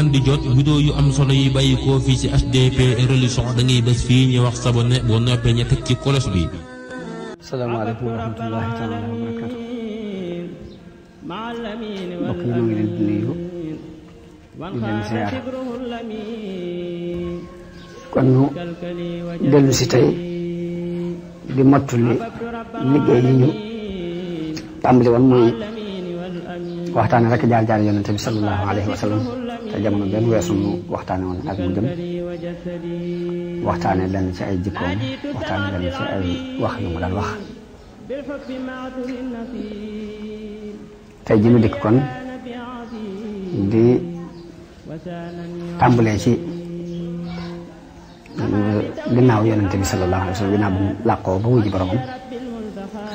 man di jot vidéo yu am solo yi bàyyi koo fii ci HDP religion da ngay bes fi ñu wax sabonné bo noppé ñi tek ci kolos bi. alaykum wa rahmatullahi taala wa barakatuh mbokk wa al ngi wan di nuyu di kon ñu dellu si tey di matuli liggéey yi ñu tàmbali won mooy waxtaane rek jaar jaar yonente bi sallallahu alayhi wa sallam te jamono benn weesu mu waxtaane woon ak mu jëm waxtaane lenn ci ay jikkoom waxtaane lenn ci ay wax yu mu daan wax tey ji ñu dikk kon di tàmbalee ci euh, ginnaaw yonente bi sallallahu alayhi wa sallam ginnaaw bu làqoo ba wuy ji boromam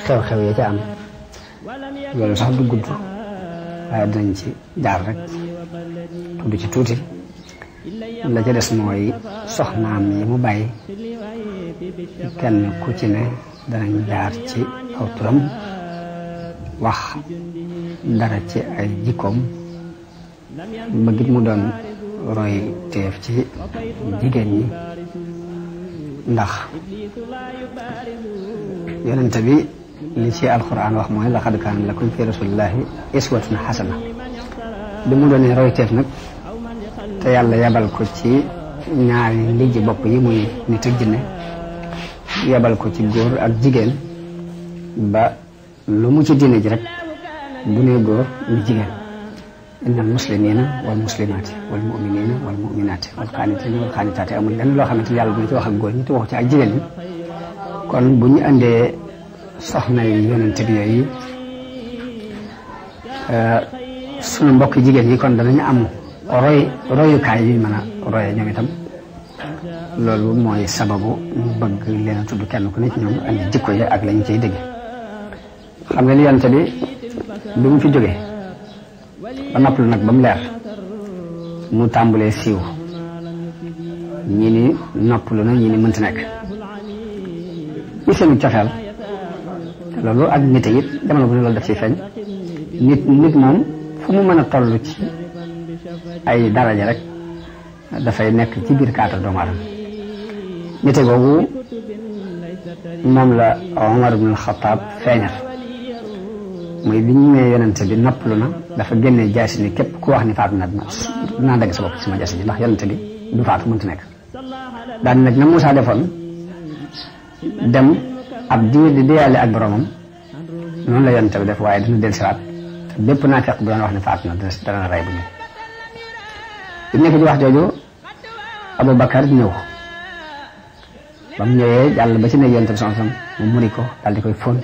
xew-xew ya ca am loolu sax du gudd waaye dinañ ci jaar rek tudd ci tuuti la ca des mooy soxnaam yi mu bay kenn ku ci ne danañ jaar ci aw turam wax dara ci ay jikkoom bëggit mu doon roy teef ci jigéen ñi ndax yonente bi li ci alquran wax mooy laqad kaana lakum fi rasulillahi iswatun xasana bi mu doonee roy teef nag te yàlla yabal ko ci ñaari ndijji bopp yi muy nit ak jinne yabal ko ci góor ak jigéen ba lu mu ci diine rek bu nee góor ñu jigéen inna al muslimina wal muslimaati wal muminina wal muminaati wal xaanitina wal xaanitaati yàlla dina ci wax ak góor ñi ti wax ci a jigéen ñi kon bu ñu andee soxna yi yonent bi yooyu euh, sunu mbokk jigéen yi kon danañu am roy royukaay yuñ mën a roye ñoom itam loolu mooy sababu ñu bëgg leen a kenn ku nekk ñoom andi jikko ya ak lañu cay dégg xam ngeen yonte bi bi mu fi jógee ba noppalu nag ba mu mu tàmbalee siiw ñi ni noppalu na ñi ni mënti nekk ñi seenu cofeel loolu ak nite it jamono bu ne loolu daf ciy feeñ nit moom fu mu mën a ci ay daraja rek dafay nekk ci biir kaata doomu aadama nite moom la Omar ibn Xataab feeñal mooy bi ñu nee yonente bi noppalu na dafa génne jaasi ni ku wax ni faatu na dinaa dagg sa bopp sama jaasi ndax yonente bi du faatu mënta nekk daan nag na Moussa defoon dem ab diir di deyaale ak boromam noonu la yonente bi def waaye dina dellusiwaat te bépp naa fekk bu doon wax ne faatu na dana rey bi nekk wax jojo abou bakar ñew bam ñewé yalla ba ci ne yonte bi sansam mu muri ko dal di koy fon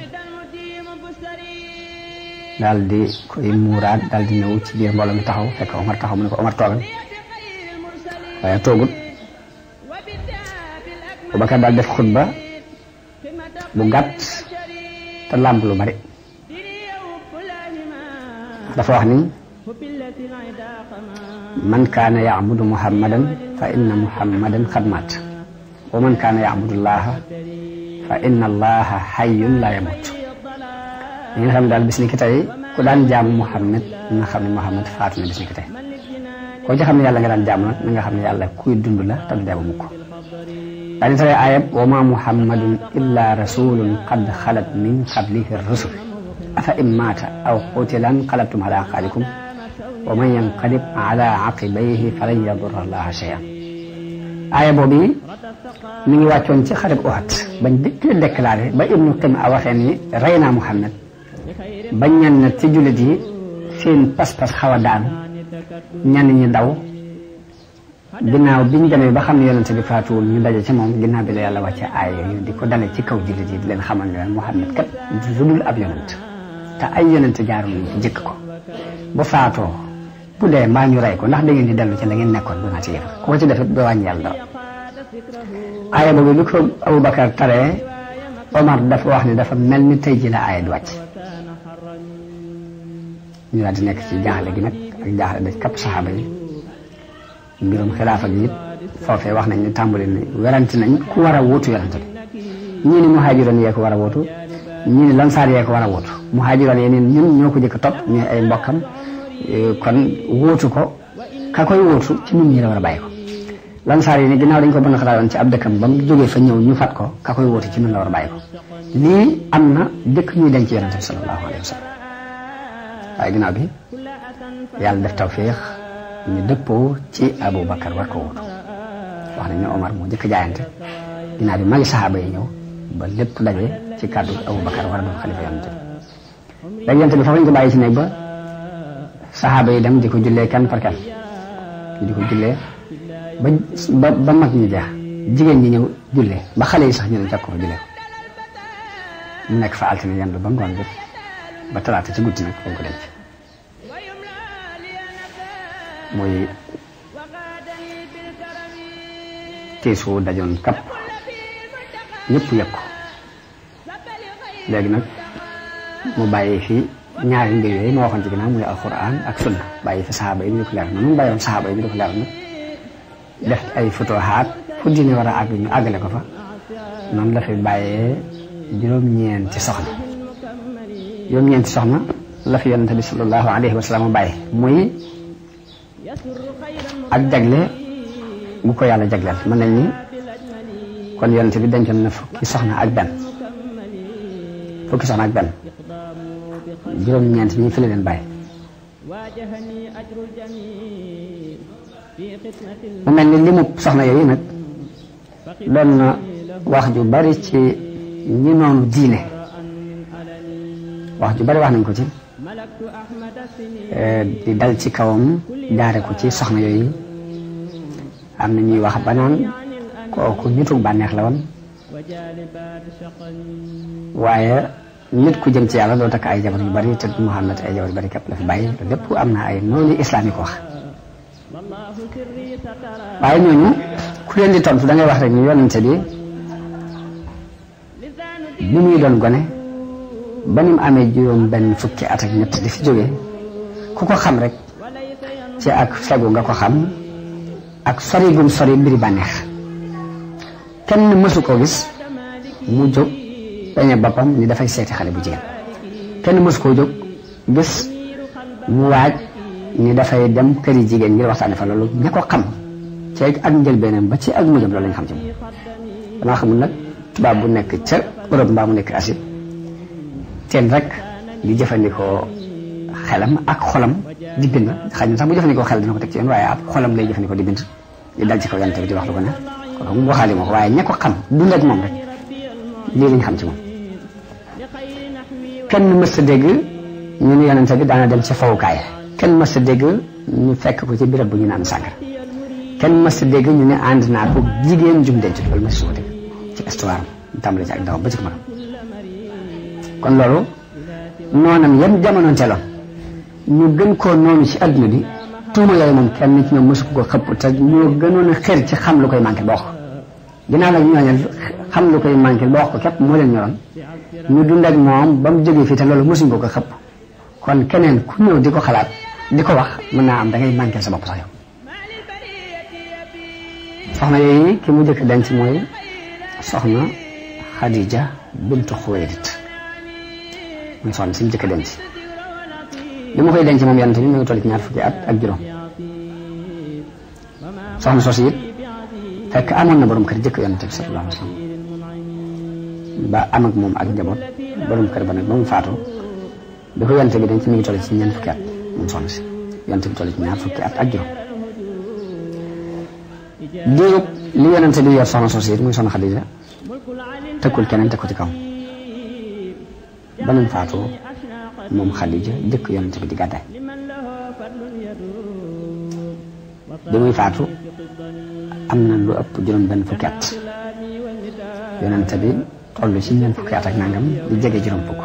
dal di koy murad dal di ñew ci biir mbolam taxaw fekk omar taxaw mu ne ko omar toogal waya toogut abou bakkar dal def khutba bu gatt ta lamb lu bari dafa wax ni man kaana yacbudu muhammadan fa inna muhammadan qad maat wa man kaana yacbudu llaaha fa inna allaha xayyun laa yamut ñi nga xam daal bis ni ki tey ku daan jaamu muhammad na xam ne muhammad faat na bis ni ki tey koo ci xam ne yàlla nga daan jaamu nag na nga xam ne yàlla kuy dund la te du dee ba mukk daal di tere ayab wa ma muhammadun illa rasulun qad xalat min qablihi rusul afa in maata aw qutilan qalabtum ala aqaalikum wa man yanqalib ala aqibayhi falan yadurra allaha shay'an aaya boobu mi ngi wàccoon ci xareb Uhud bañ dëkkee déclaré ba Ibnu Qima waxee ni rey naa Muhammad bañ ñenn ci jullit yi seen pas-pas xaw a daan ñenn ñi daw ginnaaw biñ demee ba xam ne yonente bi faatuwul ñu daje ci moom ginnaaw bi la yàlla wàcce aaya yooyu di ko dale ci kaw jullit yi di leen xamal ne leen Muhammad kat du dul ab yonent te ay yonente jaaroon nañ ci jëkk ko bu faatoo bu dee mbaa ñu ko ndax da ngeen di dellu ci la ngeen nekkoon duna ci yéen koo ci defit doo wàññi yàlla dara aaya boobu bi ko Aboubacar taree Omar dafa wax ne dafa mel ni tey ci la aaya bi wàcc ñu nekk ci jaaxle gi nag ak jaaxle da kapp saxaaba mbirum xilaafa gi it wax nañ ne tàmbali ne werante ku war a wuutu werante yee ko war a wuutu ñii ni lansaar ñun ñoo ko jëkk topp ñooy ay mbokkam kon wóotu ko ka koy wóotu ci nit ñi la war bàyyi ko lansaar yi ni ginnaaw dañ ko bën a xalaat ci ab dëkkam ba mu jógee fa ñëw ñu fat ko ka koy wóotu ci ñun la war a bàyyi ko ni am na dëkk ñuy denc yonente bi sallallahu alayhi wa sallam waaye ginnaaw bi yàlla def tawféex ci Abu Bakar war ko wóotu wax nañ ne Omar moo njëkk jaayante ginnaaw bi magi saxaaba yi ñëw ba lépp daje ci kàddu Abu Bakar war a doon xalifa yonente bi léegi yonente bi fa ñu ko bàyyi ci néeg ba sahaba yi dem di ko jullee kenn par kan di ko jullee ba ba mag ñi jeex jigen ñi ñew julle ba xale yi sax ñu jakk ko julle ko nek fa altine yandu ba ngon def ba talata ci guddi nak ko ko denc moy tiisu dajon kap ñepp yakko legi nak nag mu bàyyi fii ñaari mbir yooyu ma waxoon ci ginnaaw muy alquran ak sunna bàyyi fa saxaaba yi ñu ko leer na mu bàyyoon saxaaba yi ñu ko leer na def ay futuhaat fu a àgg ñu àggale ko fa noonu la fi bàyyee juróom-ñeenti soxna juróom-ñeenti soxna la fi yonente bi sallallahu muy ak jagle bu ko yàlla jagleel mën nañ ni kon yonente bi dencoon na fukki soxna ak benn juróom-ñeent ñi fi la leen bàyyi mu mel ni li mu soxna yooyu nag doon na wax ju bari ci ñi noonu diine wax ju bari wax nañ ko ci eh, di dal ci kawam jaare ko ci soxna yooyu am na ñuy wax ba naan kooku nitug bànneex la woon waaye nit ku jëm ci yalla do tak ay jabar yu bari te muhammad ay jabar bari képp la fi bàyyi lépp am na ay noni islamik wax waaye ñu ku leen di tontu da ngay wax rek ñu yonante bi bi muy doon gone ba ni mu amee fukki at ak ñett di fi ku ko xam rek ci ak fegu nga ko xam ak sori gum sori mbiri banex kenn mësu ko gis mu jog peñe boppam ni dafay seeti xale bu jigéen kenn mës koo jóg gis mu waaj ni dafay dem këri jigéen ngir waxtaane fa loolu ña ko xam ci ak njëlbeenam ba ci ak mujjam loolu lañ xam ci moom damaa xamul nag tubaab bu nekk ca Europe mbaa mu nekk Asie teen rek di jëfandikoo xelam ak xolam di bind xaj na sax bu jëfandikoo xel dina ko teg ci yoon waaye ab xolam lay jëfandikoo di bind di dal ci kaw yante bi di wax lu ko ne kooku mu waxaale ko waaye ña ko xam ak moom rek lii lañ xam ci moom kenn mës dégg ñu ne yonente bi daana dem ci fawukaay kenn mës a dégg ñu fekk ko ci birab bu ñu naan sàngara kenn mës a dégg ñu ne ànd naa ko jigéen jum denc loolu ci histoire am tàmbali ci ak ndaw ba ci kanam kon loolu noonam yam jamono teeloon ñu gën koo noonu ci adduna bi tuuma yooyu moom kenn ci ñoom mësu ko xëpp te ñoo gënoon a xër ci xam lu koy manqué boo ginnaaw nag ñooñu xam lu koy manqué ba wax ko képp moo leen ñoroon ñu dund ak moom ba mu jógee fii te loolu mosuñ ko ko kon keneen ku ñëw di ko xalaat di ko wax mën naa am da ngay manqué sa bopp sax yow. soxna yooyu ki mu njëkk denc mooy soxna Khadija bintu Xuwaylid muy soxna si mu njëkk denc li ma koy denc moom yonent bi mi ñaar fukki at ak juróom soxna soosu it fekk amoon na borom kër jëkk yonent bi ba am ak moom ak njaboot borom kër ba nag ba mu faatoo bi ko yonte bi dañ ci mi ngi toll ci ñeent fukki at moom soxna si yonte bi toll ci ñaar fukki at ak juróom diirub li yonente di yor soxna soosu it muy soxna Xadija tëkkul keneen teg ko ci kaw ba mu faatoo moom Xadija jëkk yonente bi di gàddaay bi muy faatu am na lu ëpp juróom benn fukki at yonente bi toll ci ñeent fukki at ak nangam di jege juróom fukk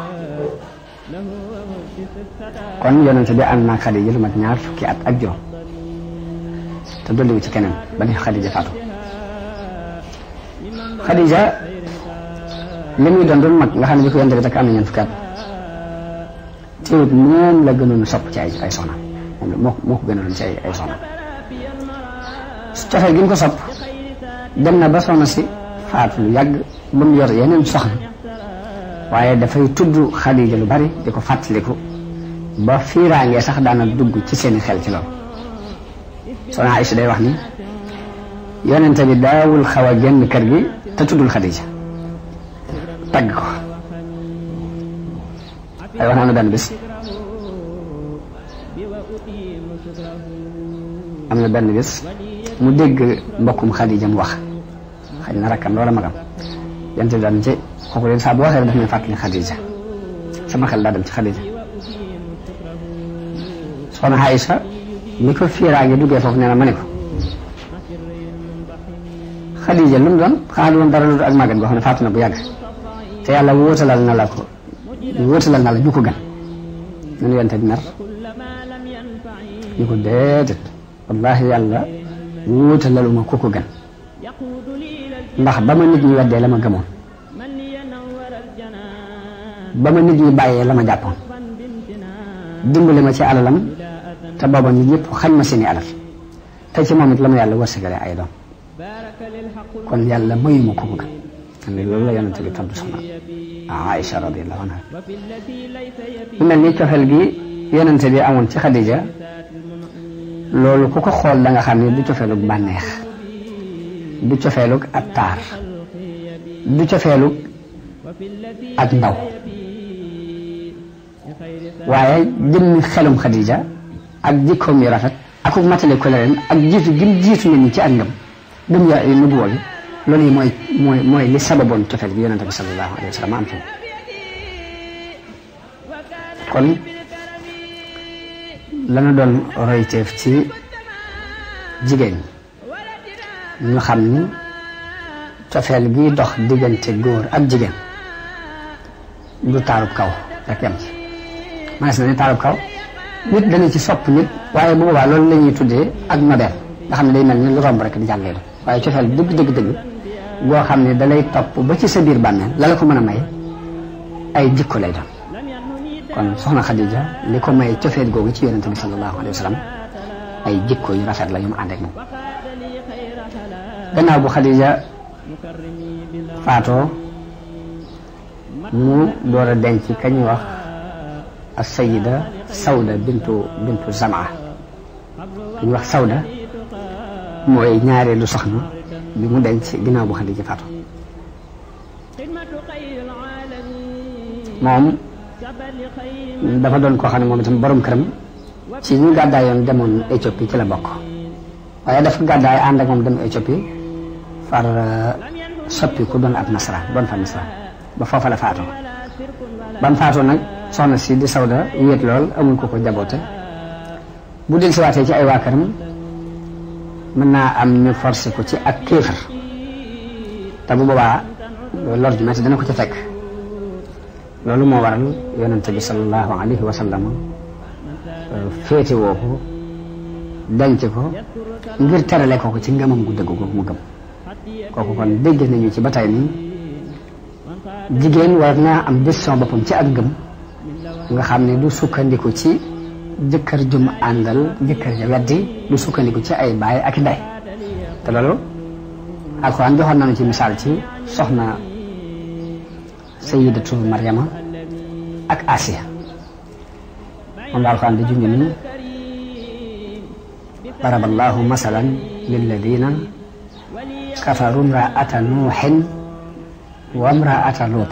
kon yonente bi ànd naa Xadija lu mat ñaar fukki at ak juróom te dolliwu ci keneen ba ni Xadija faatu Xadija li muy xam ko yonente bi takk fukki at teewut moom la gënoon sopp ci ay ay soxna ci ay ay soxna cofeel gi ko sopp dem na ba soxna si faatu lu yàgg ba mu yor yeneen soxna waaye dafay tudd Xadija lu bari di ko fàttaliku ba fiiraange sax daana dugg ci seeni xel ci loolu soxna Aïcha day wax ni yonente bi daawul xaw a génn kër gi te tuddul Xadija tagg ko ay wax na am na benn bis am na benn bis mu dégg mbokkum Xadija mu wax xaj na rakkam loola magam yonent bi daan ci kooku leen saa boo waxee daf may fàttali Xadija ci Xadija soxna Aïcha ni ko fiiraa ngi dug foofu nee na ma ne ko Xadija lu dara lu ak màggat goo xam ne faatu na bu yàgg te yàlla wóotalal na la ko wóotalal na la ju ko gën ñun yonent ndax ba ma nit ñi weddee la ma gëmoon ba ma nit ñi bàyyee la ma jàppoon dimbale ma ci alalam te booba nit ñëpp xañ ma seeni alal te ci moom it la ma yàlla wërsëgale ay doom kon yàlla mayu ma ko bëgg ne loolu la yonent bi tontu soxna Aïcha radiyallahu anha mu mel ni cofeel gi yonent bi amoon ci Xadija loolu ku ko xool da nga xam ne du cofeelu bànneex du cofeelug ak taar du cofeelug ak ndaw waaye jëmmi xelum Xadija ak jikkoom yu rafet ak matale ko leen ak jiitu gim jiitu nit ñi ci ak ngëm gëm yaa ay nubuwa bi yi mooy mooy mooy li sababoon cofeel gi yonente bi sallallahu alayhi wa am fi kon lana doon royteef ci jigéen ñu xam ni cofeel gi dox diggante góor ak jigéen du taarub kaw rek yam ci maa ngi taarub kaw nit dana ci sopp nit waaye bu boobaa loolu la ñuy tuddee ak nobel nga xam ne day mel ni lu romb rek di jàllee la waaye cofeel dëgg dëgg dëgg goo xam ne dalay topp ba ci sa biir bàmmeel la ko mën a may ay jikko lay doon kon soxna Khadija li ko may cofeel googu ci yonente bi sallallahu alayhi wa sallam ay jikko yu rafet la yu mu ànd ak gannaaw bu Khadija fato mu door a denc kañ wax as sayyida sauda bintu bintu Zamaa kañ wax moy ñaare lu soxna bi mu denc ginnaaw bu Khadija fato mom dafa don ko xam mom tam borom kërëm ci ñu gàddaayoon demone Éthiopie ci la bokk waye dafa gàddaay and ak mom dem Éthiopie far euh, soppi ku doon ab nasaraan doon fa nasaraan ba foofa la faatoo ba mu faatoo nag soxna si sawda wéet lool amul ko ko jaboote bu del si ci ay waa këram mën naa am ñu forcé ko ci ak kéefar te bu boobaa lor ju metti dana ko ci fekk loolu moo waral yonente bi salallahu alayhi wa sallam euh, féete woo ko ko ngir terale ko ci ngëmam gu dëgg googu mu gëm kooku kon dégg nañu ci ba tey ni jigéen war na am décision boppam ci ak gëm nga xam ne du sukkandiku ci jëkkër jum àndal jëkkër ja weddi du sukkandiku ci ay baay ak ndey te loolu alxuraan joxoon nañu ci misaal ci soxna sayidatu Maryama ak Asiya moom la alxuraan di junj ni daraba allahu كفروا امرأة نوح وامرأة لوط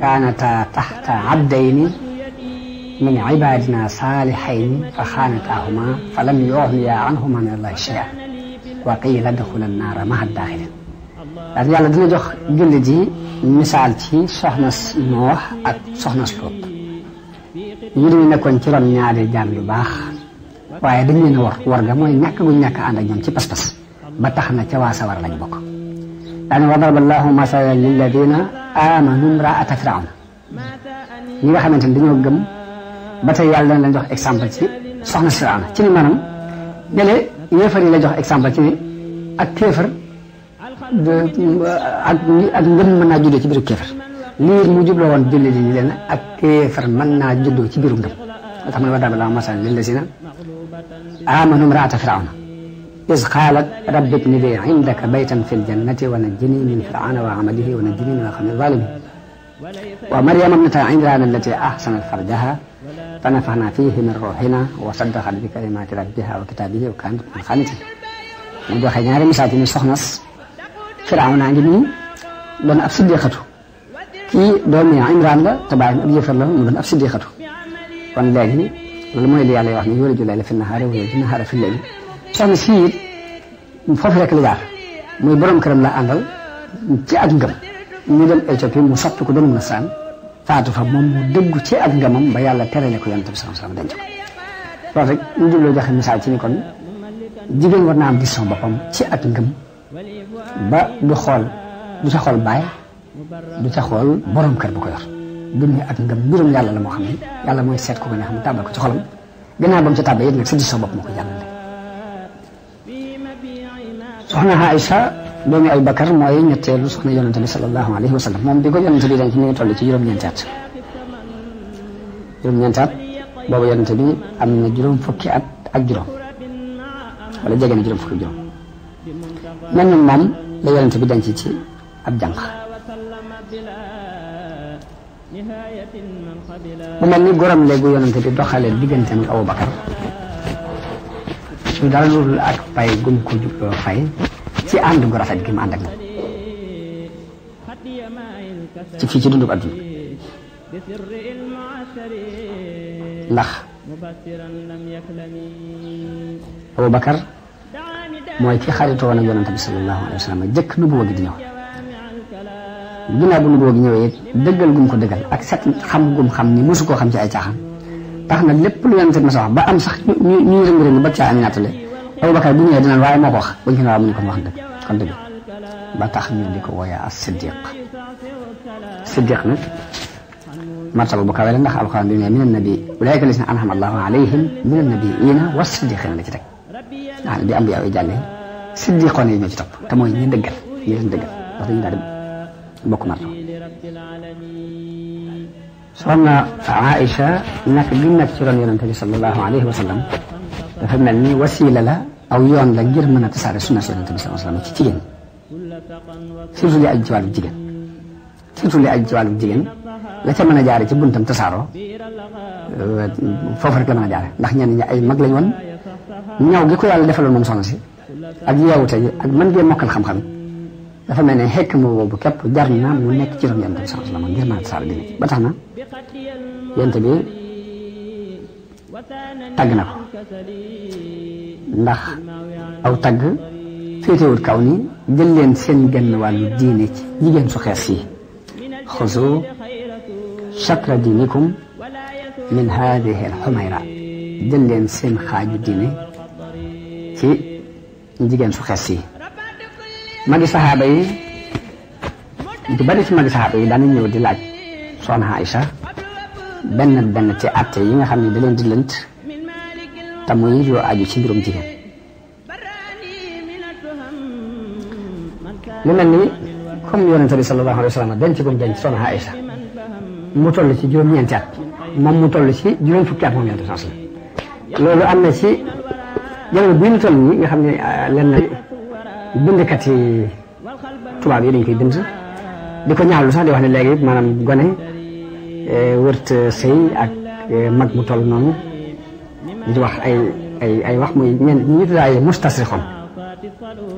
كانتا تحت عبدين من عبادنا صالحين فخانتاهما فلم يغنيا عنهما من الله شيئا وقيل ادخل النار مع الداخلين يعني يلا دنا جوخ جلي جي مثال تي سخنا نوح اك سخنا لوط يلي نكون تيرم نياري جام يو باخ واي دنيو ور ورغا موي نياك بو نياك اندا جام تي باس باس ba tax na ca waa sawar lañ bokk daan wadaraba allahu masalan lilladina amanu imraata firawn ñi nga xamante ni dañoo gëm ba tey yàlla dana leen jox example ci soxna firawn ci ni maanaam dale yéefar yi jox exemple ci ak kéefar ak ak ngëm mën naa juddoo ci biiru kéefar lii mu jubloo woon julli li leen ak kéefar mën naa ci biiru ngëm tax mu ne wadaraba allahu masalan lilladina amanu imraata firawn إذ قالت رب ابن لي عندك بيتا في الجنة ونجني من فرعون وعمله ونجني من الخمر الظالمين ومريم ابنة عمران التي أحسنت فرجها فنفعنا فيه من روحنا وصدقت بكلمات ربها وكتابه وكانت من خانته ودو خيجاري مساتين سخنص فرعون عندني لن أفسد يخطو كي دومي عمران لا تبعين أبي فرلو لن أفسد يخطو وان لاجني للموالي عليه وحني يولد الليل في النهار ويولد النهار في الليل soxna si it foofu la jaar muy borom këram la àndal ci ak ngëm mu dem Éthiopie mu soppi ko doon nasaan faatu fa moom mu dëggu ci ak ngëmam ba yàlla terale ko yonent bi sallallahu alayhi wasallam denc ko loolu rek ñu jubloo joxe misaal ci ni kon jigéen war boppam ci ak ngëm ba du xool du ca xool baay du ca xool borom kër bu ko yor duñu ak ngëm mbirum yàlla la moo xam ne yàlla mooy seet ko nga ne xam ne tàbbal ko ci xolam gannaaw ba mu ca tàbbee it nag sa vision bopp moo ko soxna Aïcha doomi Abubakar mooy ñetteelu soxna yonente bi sallallahu alayhi wa sallam moom bi ko yonente bi denc mi ngi toll ci juróom-ñeenti at juróom-ñeenti at boobu yonente bi am na juróom fukki at ak juróom wala jege na juróom fukki juróom mel na moom la yonente bi denc ci ab jànq mu mel ni gorom léegi yonente bi doxalee digganteem ak Abubakar du dara loolu ak pay gum ko fay ci ànd gu rafet gi mu ànd ci ci ndax bakar mooy ki xaritoo woon ak yonante bi salallahu alayhi wa sallam nu bu di ñëw ginnaaw bu nu bu gi ñëwee dëggal gum ko dëggal ak set xam gum xam ni musu xam ci ay tax na lépp lu yonent bi mas a wax ba am sax ñu ñu ñu rëng-rëng ba caa am nattale Abubakar bu ñëwee dinaan waaye moo ko wax bu ñu ko waaw mu ñu ko wax dëgg kon dëgg ba tax ñu di ko wooyee as siddiq siddiq nag martaba bu kawe la ndax alxuraan bi ne min annabi ulaayika lazina an'ama allahu alayhim min annabiyyiina wa siddiqiina la ci teg ah bi am bi yow jàllee siddiqoon yi ñoo ci topp te mooy ñi dëggal ñi leen dëggal wax dañu daal di bokk martaba soxna Aïcha nag bi mu nekk ci ron yonente dafa mel ni wasiila la aw yoon la ngir mën a tasaare sunna si yonente bi sallallahu alayhi wa sallam ci jigéen surtout li aju ci wàllu jigéen surtout li aju ci wàllu jigéen la ca a jaare ci buntam tasaaroo foofu rek la mën jaare ndax ñenn ñi ay mag lañ woon ñaw ko yàlla defaloon moom soxna si ak yeewute yi ak mën ngeen mokkal xam-xam dafa hikma boobu képp jar na mu nekk ci ron yonte bi sallallahu alayhi wasallam ngir mën a tasaare diine ba tax na yonte bi tagg na ko ndax aw tagg féetewul kaw ni jël leen seen genn wàllu diine ci jigéen su xees yi xusu chakra diinikum min hadihi al xumayra jël leen seen xaaju diine ci jigéen su xees yi magi saxaaba yi du bari ci magi saxaaba yi daan ñëw di laaj soxna Aïcha benn benn ci àtte yi nga xam ne da leen di lënt te muy yoo aju ci mbirum jigéen lu mel ni comme yonente bi sallallahu alayhi wa sallam mu toll ci juróom-ñeenti at moom mu toll ci juróom fukki at loolu am na ci ñu toll nii nga xam ne lenn bindkat yi tubaab yi dañ koy bind di ko ñaawlu sax di wax ne léegi maanaam gone e, wërt sëy ak e, mag mu toll noonu di wax ay ay ay wax muy ñenn ñi tuddaay mustasrixoon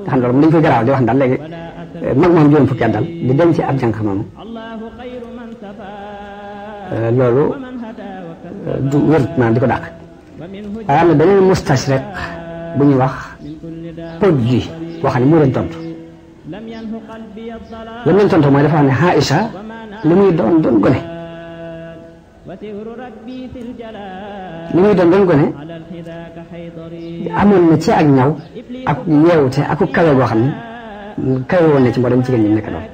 nga xam loolu dañ koy garaaw di wax daal léegi e, mag moom juróom fukki at daal di dem ci ab jànq moomu loolu du wër maanaam di ko dàq waaye am na beneen mustasriq bu ñuy wax pod wax ne moo leen tontu lam leen tontu mooy dafa xam ne Aïcha li muy doon doon gone li muy doon doon gone amoon na ci ak ñaw ak yeewute ak ku kawe goo xam ne kawe woon na ci mboolem jigéen ñi mu nekk doon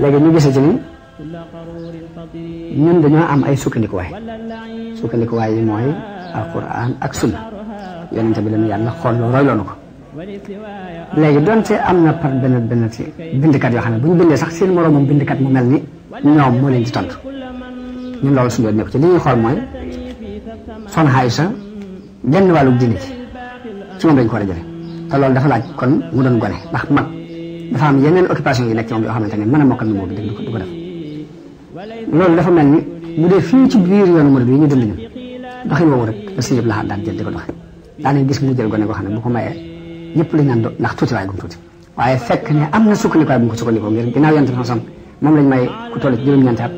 léegi ñu gisee ci ni ñun dañoo am ay sukkandikuwaay sukkandikuwaay yi mooy alquran ak sunna yonente bi la ñu yàlla xool loolu roy loonu ko léegi donte am na par benn benn ci bindkat yoo xam ne bu ñu bindee sax seen moroomam bindkat mu mel ni ñoom moo leen di tontu ñun loolu suñu yoon nekk ci li ñuy xool mooy son xaay sa genn wàllu diine ci ci dañ ko war a jële te loolu dafa laaj kon mu doon gone ndax mag dafa am yeneen yi nekk ci moom yoo xamante ne mën a mokkal na moo bi dégg du loolu dafa mel ni mu dee fii ci biir yoonu murid yi ñu dund ñun doxin woowu rek da si yëpp daan jël di ko doxe daanañ gis mu jël gone goo xam ne bu ko mayee ñëpp lañ naan ndax tuuti waaye gum tuuti waaye fekk ne am na sukkandikuwaay bu ko sukkandikoo ngir ginnaaw yonent bi sam moom lañ may ku toll ci juróom-ñeenti at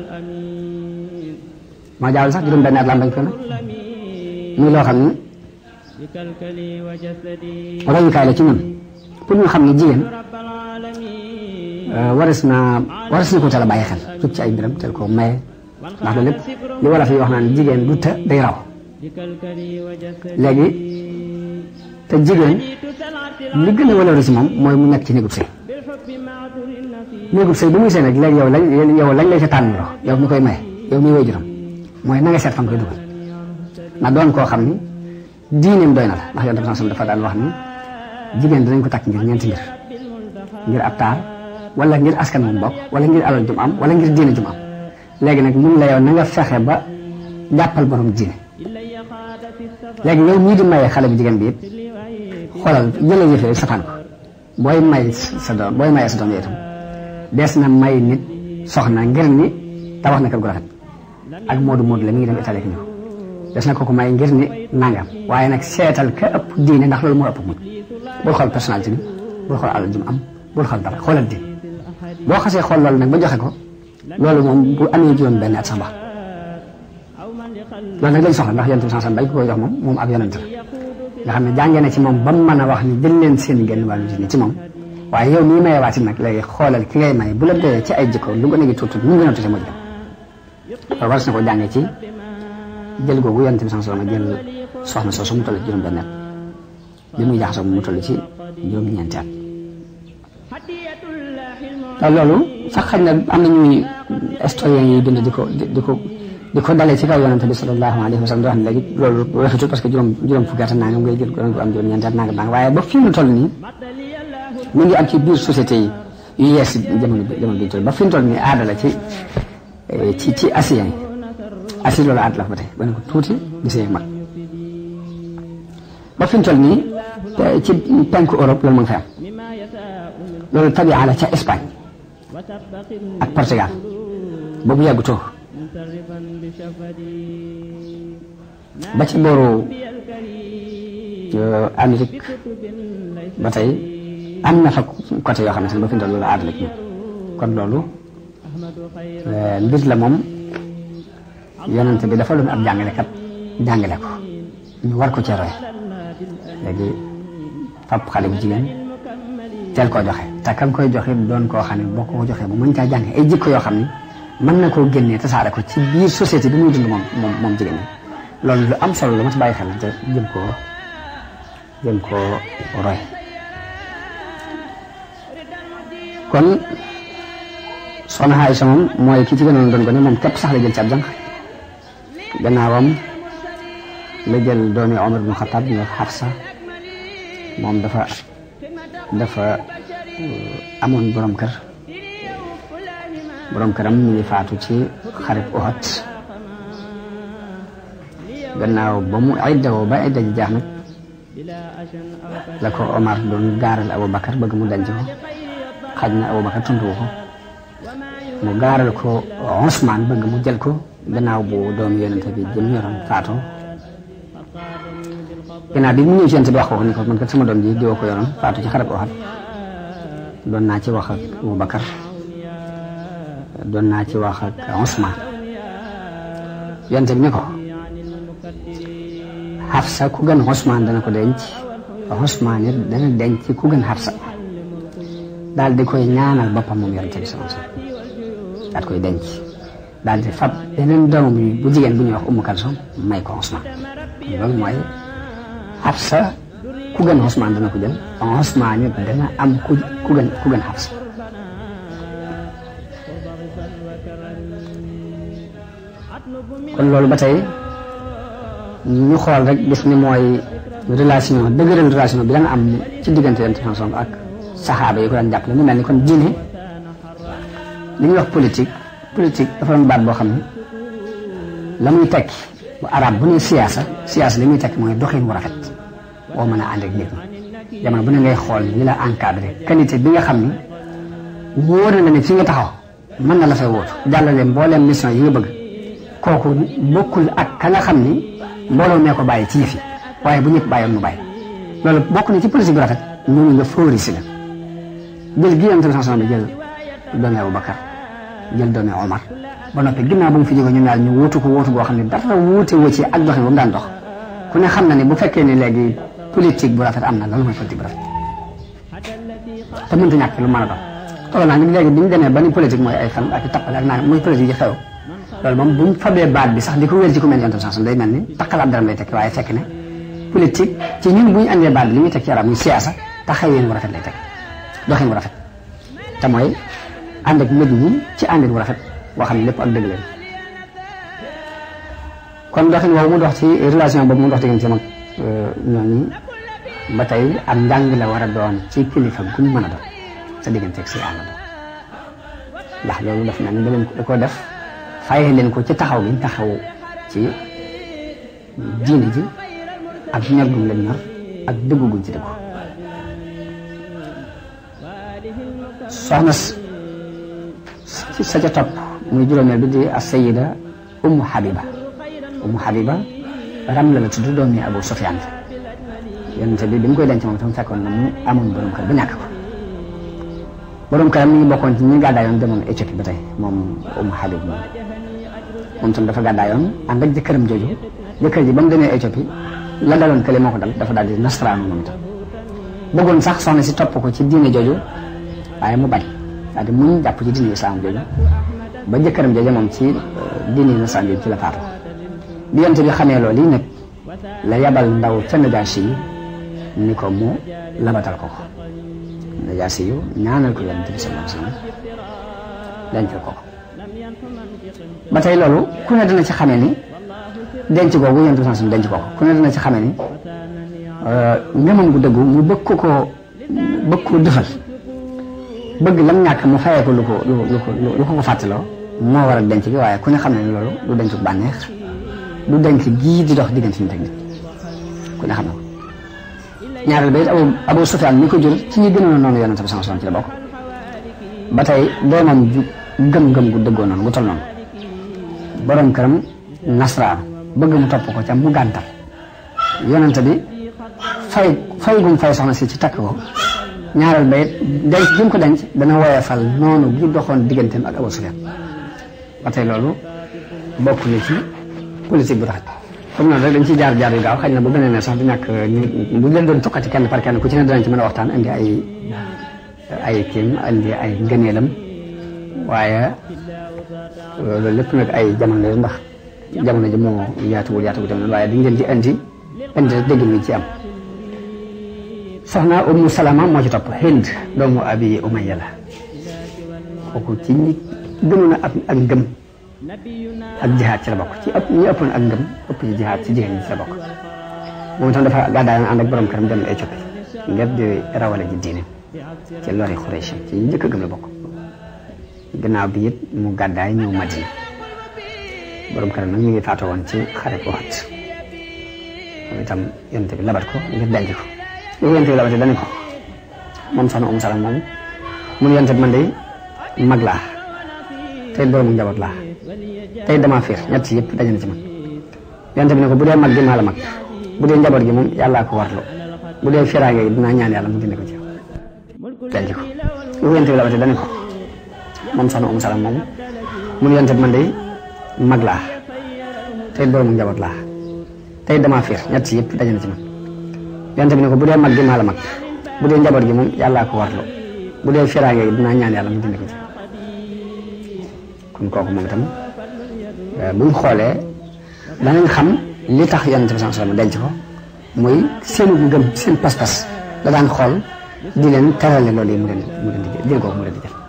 moo jaawal sax juróom benn at lam bañ ko na muy loo xam ne royukaay la ci ñun pour ñu xam ne jigéen euh, waris na waris na ko teel a bàyyi xel tut ci ay mbiram teel ko maye ndax loolu lépp li wolof yi wax naan jigéen du të day raw léegi te jigéen li gën a waloolu si moom mooy mu nekk ci néegub sëy néegub sëy bu muy sëy nag léegi yow lañ yow lañ lay sa tànn yow mi koy maye yow mi way juram na nga seet fan koy dugal na doon koo xam ni diineem la ndax dafa daan wax ni jigéen dinañ ko ngir ñeenti ngir ngir ab wala ngir askan mu bokk wala ngir alal jum am wala ngir diine jum am léegi nag mun la yow na nga fexe ba jàppal borom diine léegi yow di maye xale bi jigéen bi xoolal jëlal yëf yi safaan ko booy may sa doom booy maye sa doom yooyu itam des na may nit soxna ngir ni tabax na kër gu rafet ak moodu moodu la mi ngi dem Italie ak ñëw des na kooku may ngir ni nangam waaye nag seetal ka ëpp diine ndax loolu moo ëpp mujj bul xool personnalité bi bul xool alal ji mu am bul xool dara xoolal diine boo xasee xool loolu nag ba joxe ko loolu moom bu amee juróom benn at sax baax loolu nag lañ soxla ndax yonent bi sansan bay ko koy jox moom moom ab yonent la nga xam ci moom ba mu a wax ni jël leen seen genn wàllu junni ci moom waaye yow mii maye waati nag léegi xoolal ki ngay may bu la doyee ci ay jikko lu nga negi tuuti mu gën a tuuti mu jëm loolu war na ko jàngee ci jël googu yonent bi sallallahu alayhi wasallam jël soxna soosu mu toll ci juróom-benn at bi muy jaxasoo mu toll ci juróom-ñeenti at te loolu sax xaj na am na ñuy historiens yi dund di di ko di ko dalee ci kaw yonente bi que juróom juróom fukki at nangam ngay mu ngi am ci biir société yi yu yees fi mu toll nii eh, ci ci ci asiens yi asi loolu aada la ko ba ko tuuti gisee mag ba fi mu toll nii ci penku Europe loolu mu ngi loolu tabia la ca Espagne ak Portugal boobu yàggutoo ba ci booru Amérique ba tey am na fa côté yoo xam ne si ba fi mu toll loolu la ci kon loolu mbir la moom yonent bi dafa doon ab jàngalekat jàngale ko ñu war ko cee roy léegi fab xale bu jigéen teel koo joxe te kam koy joxe doon koo xam ne boo ko joxee bu mën caa jàng ay jikko yoo xam ne. mën na koo génnee tasaare ko ci biir société bi muy dund moom moom moom jigéen ñi loolu lu am solo lu ma ci bàyyi xel te jëm koo jëm koo roy kon soxna Aysa moom mooy ki ci gënoon doon ko ne moom képp sax la jël ci ab jànq gannaawam la jël doomi Omar ibn Xattaab ñu wax Xafsa moom dafa dafa euh, amoon borom kër borom këram mu ngi faatu ci xarib Uhud gannaaw ba mu iddawoo ba idda ji jaax la ko Omar doon gaaral Aboubacar bëgg mu denc ko xaj na Aboubacar tundu ko mu gaaral ko Ousmane bëgg mu jël ko gannaaw bu doom yonente bi jëm yoroon faatoo gannaaw bi mu ñëw ci yonente bi wax ko ni ko man kat sama doom ji diwa ko naa ci wax ak Aboubacar doon naa ci wax ak Ousmane yonte bi ni ko Hafsa ku gën Ousmane dana ko denc Ousmane it dana denc ku gën Hafsa daal di koy ñaanal boppam moom yonte bi sama sama daal koy denc daal di fab beneen doomam bu jigéen bu ñuy wax Umu Kalsum may ko Ousmane dana ko jël Ousmane it dana am ku gën ku kon loolu ba tey ñu xool rek gis ni mooy relation dëgëral relation bi daan am ci diggante Yonent bi ak saxaaba yi ko daan jàppale mu mel ni kon diine li ñuy wax politique politique dafa doon baat boo xam ne la muy tekki bu arab bu ne siyaasa siyaasa la muy tekki mooy doxin wu rafet boo mën a ànd ak nit ñi jamono bu ne ngay xool li la encadré qualité bi nga xam ni wóor na la ne fi nga taxaw mën na la fay wóotu jàllale mbooleem mission yi nga bëgg kooku bokkul ak ka nga xam ni mbooloo mee ko bàyyi ci yëf yi bu ñëpp bàyyoon mu bàyyi loolu bokk na ci politique bu ñu ñooñu nga favoriser la jël gi yonent bi sallallahu alayhi wasallam jël doomi Abu Bakar jël doomi Omar ba noppi ginnaaw ba mu fi ñu ñaar ñu ko wóotu boo xam ne dara wóote woo ci ak daan dox ku ne na ne bu fekkee ne léegi politique bu rafet am na loolu mooy politique bu rafet te mënta lu mën a doon tolloo naa ni léegi bi ñu demee ba ni politique mooy ay fan ak i tappale ak naa mooy politique yi xew loolu moom bu mu fabee baat bi sax di ko wér ci ku mel yonent bi sax day mel ni takkalaat dara lay tekki waaye fekk ne politique ci ñun bu ñu andee baat bi li muy teg ci arab muy siyaasa taxaw yéen bu rafet lay teg doxin bu rafet te mooy ànd ak nit ñi ci àndin bu rafet boo xam ne lépp ak dëgg leen kon doxin woowu mu dox ci relation boobu mu dox diggante mag euh, ñooñu ba tey am njàng la war a doon ci kilifa gu mu mën a doon sa digganteeg si àll ba ndax loolu daf mel ni da leen ko def fayee leen ko ci taxaw gi taxaw ci diin gi ak ñor gum leen ñor ak dëggu guñ ci dëggu soxna sa ca topp muy juróomeel bi di asayida ummu habiba ummu habiba ramla la tudd doomi abu sufyaan yonente bi bi mu koy denc moom tam fekkoon na mu amoon borom kër ba ñàkk ko borom këram mi ngi bokkoon ci ñi gàddaayoon demoon Éthiopie ba tey moom ummu habib moom tam dafa gàddaayoon ànd ak jëkkëram jooju jëkkër ji ba mu demee Éthiopie la daloon kële moo ko dal dafa daal di nasaraanu moom tam bëggoon sax soxna si topp ko ci diine jooju waaye mu bañ daal di muñ jàpp ci diine islam jooju ba jëkkëram jooju moom ci euh, diine nasaraan jooju ci la faatu bi yonte bi xamee loolu yi nag la yabal ndaw ca Najaasi yi ni ko mu labatal ko ko Najaasi yu ñaanal ko yonte bi sallallahu alayhi wa sallam dencal ko ko ba tey loolu ku ne dana ci xamee ni denc googu yéen tamit suñu denc googu ku ne dana ci xamee ni euh, ngëmam gu dëggu mu bëgg ko koo bëgg ko defal bëgg lam ñàkk mu fayee ko lu ko lu ko lu ko waral denc gi waaye ku ne xam ne ni loolu du denc bànneex du denc gii di dox diggante nit ak nit ku ne xam ne ko ñaareel ba abu abu mi ko jur ci ñi gënoon noonu yonent bi sallallahu alayhi wasallam ci la bokk ba tey doomam gëm-gëm gu dëggoo noonu gu tol noonu borom këram nasraan bëgg mu topp ko ca mu gàntal yonent bi fay fay gum fay soxna si ci takk ko ñaareel ba it denc gi mu ko denc dana doxoon digganteem ak Abu Sufyaan ba loolu bokk ci politique bu tax comme noonu rek dañ ciy jaar jaar yu gaaw xëy na bu beneen ne sax du ñàkk ñu leen doon tukkati kenn par kenn ku ci ne danañ ci mën a waxtaan indi ay ay indi ay ngëneelam waaye loolu lépp nag ay jamono la ndax jamono ji moo yaatuwul yaatuwul tamit waaye dañu leen di andi andi rek dégg nañ ci am. soxna Ummu Salama moo ci topp Hind doomu Abi Umayya la kooku ci ñi gënoon a ak ngëm ak jihaad ci la bokk ci ëpp ñi ëppoon ak ngëm ëpp ci jihaad ci jigéen ñi ci la bokk moom itam dafa gàddaa na ànd ak borom këram dem Éthiopie ngir di rawale ji diine ci lori Xuraysh ci ñi njëkk a gëm la bokk. ginaaw bi it mu gàddaay ñëw Madina borom këram nag ñu ngi faato woon ci xare bu xat moom itam yonent bi labat ko ngir denc ko li ko bi labatee dani ko moom soxna um salam moom mun yonent bi man day mag laa tey doomu njaboot laa tey dama fiir ñett yëpp dañ na ci man yonent bi ne ko bu dee mag gi maa la mag bu dee njaboot gi moom yàllaa ko warlu bu dee firaange gi dinaa ñaan yàlla mu dindi ko ci denc ko li ko bi labatee dani ko mom sanu um salam mom mun yonte man day mag laa tey doomu njaboot laa tey damaa fiir ñet si yëpp na ci man yonte bi ne ko budé mag gi mala mag budé njabot gi mom yalla ko warlo budé dee firaange yi ñaan yalla mu dindi ko ci kon kooku moom itam buñ da danañ xam li tax yonente bi sallam denc ko muy seenu ngëm seen pas-pas la daan xol di len terale lolé mu len mu len di jël kooku mu len di jël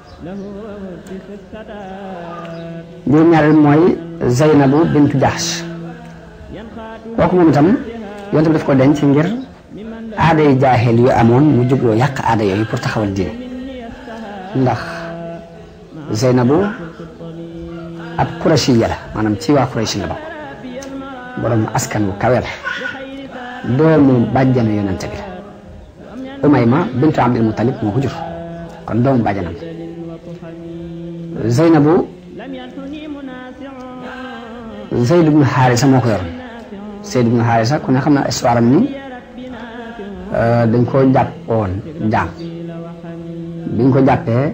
juróom ñaareel mooy Zeynabu bintu Jahsh kooku moom itam yonte bi daf ko denc ngir aada yi jaaxeel yu amoon mu jubloo yàq aada yooyu pour taxawal diin ndax Zeynabu ab Qurayshi ya la maanaam ci waa Qurayshi la bokk borom askan wu kawe la doomu bàjjanu yonente bi la Umayma bintu Abdul Mutalib moo ko kon doomu bàjjanam Zeynabu Zeyd ibnu Xaarisa moo ko yor Zeyd ibnu Xaarisa ku ne xam naa histoire am euh, dañ koo jàpp biñ ko jàppee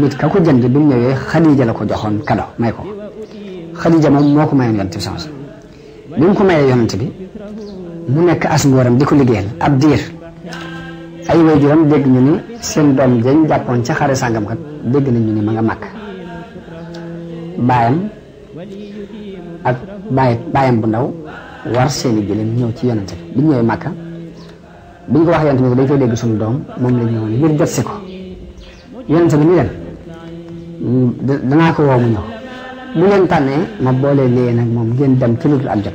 nit ko jënd bi mu ko joxoon kado may ko Xadija moom moo mu ko mayee yonent nekk as ngóoram di ko liggéeyal ab diir ay waajuram dégg ñu ni seen doom dañ jàppoon ca xare sàngam kat dégg nañ ñu ni ma nga màkk baayam ak baay baayam bu ndaw war seeni gëléem ñëw ci yonante bi ñu ñëwee Màkka bi ñu ko wax yonante dañ koy dégg suñu doom moom la ñëw ngir jot si ko yonante ni leen danaa ko woo mu ñëw bu leen tànnee ma boole lee nag moom ngeen dem ci lutul ak jot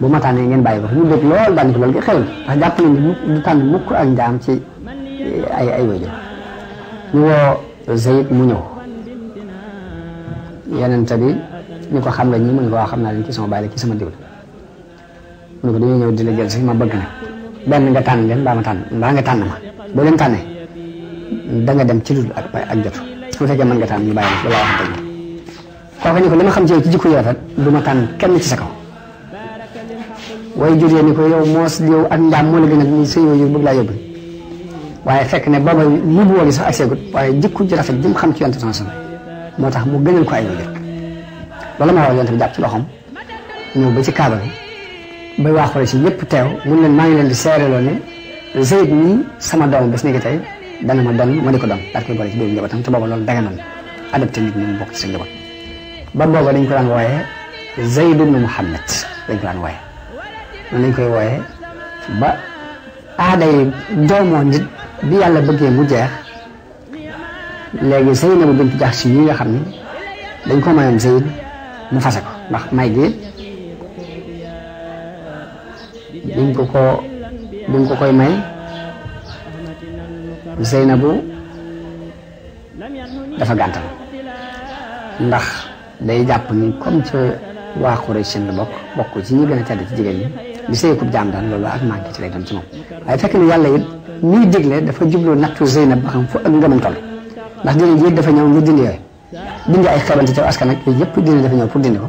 bu ma tànnee ngeen bàyyi ko ñu dégg lool daanaka loolu gi xewul ndax jàpp nañu du tànn mukk ak njaam ci ay ay ñu woo Zayd mu ñëw yenente bi ñu ko xam la ñi mu ne ko waa xam naa leen ci sama sama diw la mu ne ko dañuy ñëw di la jël si ma bëgg na benn nga tànn leen mbaa ma tànn nga tànn ma boo leen tànnee da nga dem ci lu ak ak jotu su fekkee mën nga tànn ñu bàyyi la waxante ko li xam ci yow ma tànn kenn ci sa waaye ko yow a ni sa yooyu waaye fekk ne booba li bu wóor sax ak seegut waaye jikko ji rafet ji mu xam ci yonent motax mu gënal ko ay ñu jëk loolu ma waral yonte bi jàpp ci loxom ñëw ba ci kaaba bi ba waa ci ñëpp teew mu leen maa ngi leen di seereloo ne zeyd nii sama doom bés ni ki tey dana ma don ma di ko don daal koy boole ci biir njabootam te booba loolu daganoon adapté nit ñu mu bokk ci sa ba booba dañ ko daan wooyee zeyd ibn Muhammad dañ ko daan wooyee noonu lañ koy wooyee ba aaday doomoo nit bi yàlla bëggee mu jeex léegi Zeynabu bint Jahsh yi nga xam ne dañ ko mu fase ko ndax may gi biñ ko ko biñ ko koy may Zeynabu dafa gàntal ndax day jàpp ni comme ci waa Quraysh la bokk bokk ci ñi gën a tedd ci jigéen ñi bi sëykub jaam daan loolu ak manqué ci lay doon ci moom waaye ni yàlla it ñuy digle dafa jubloo nattu Zeynab ba xam fu ak ngëmam toll ndax diine yëpp dafa ñëw ngir dindi yooyu dindi ay xeebante ci askan ak yooyu yëpp diine dafa ñëw pour dindi ko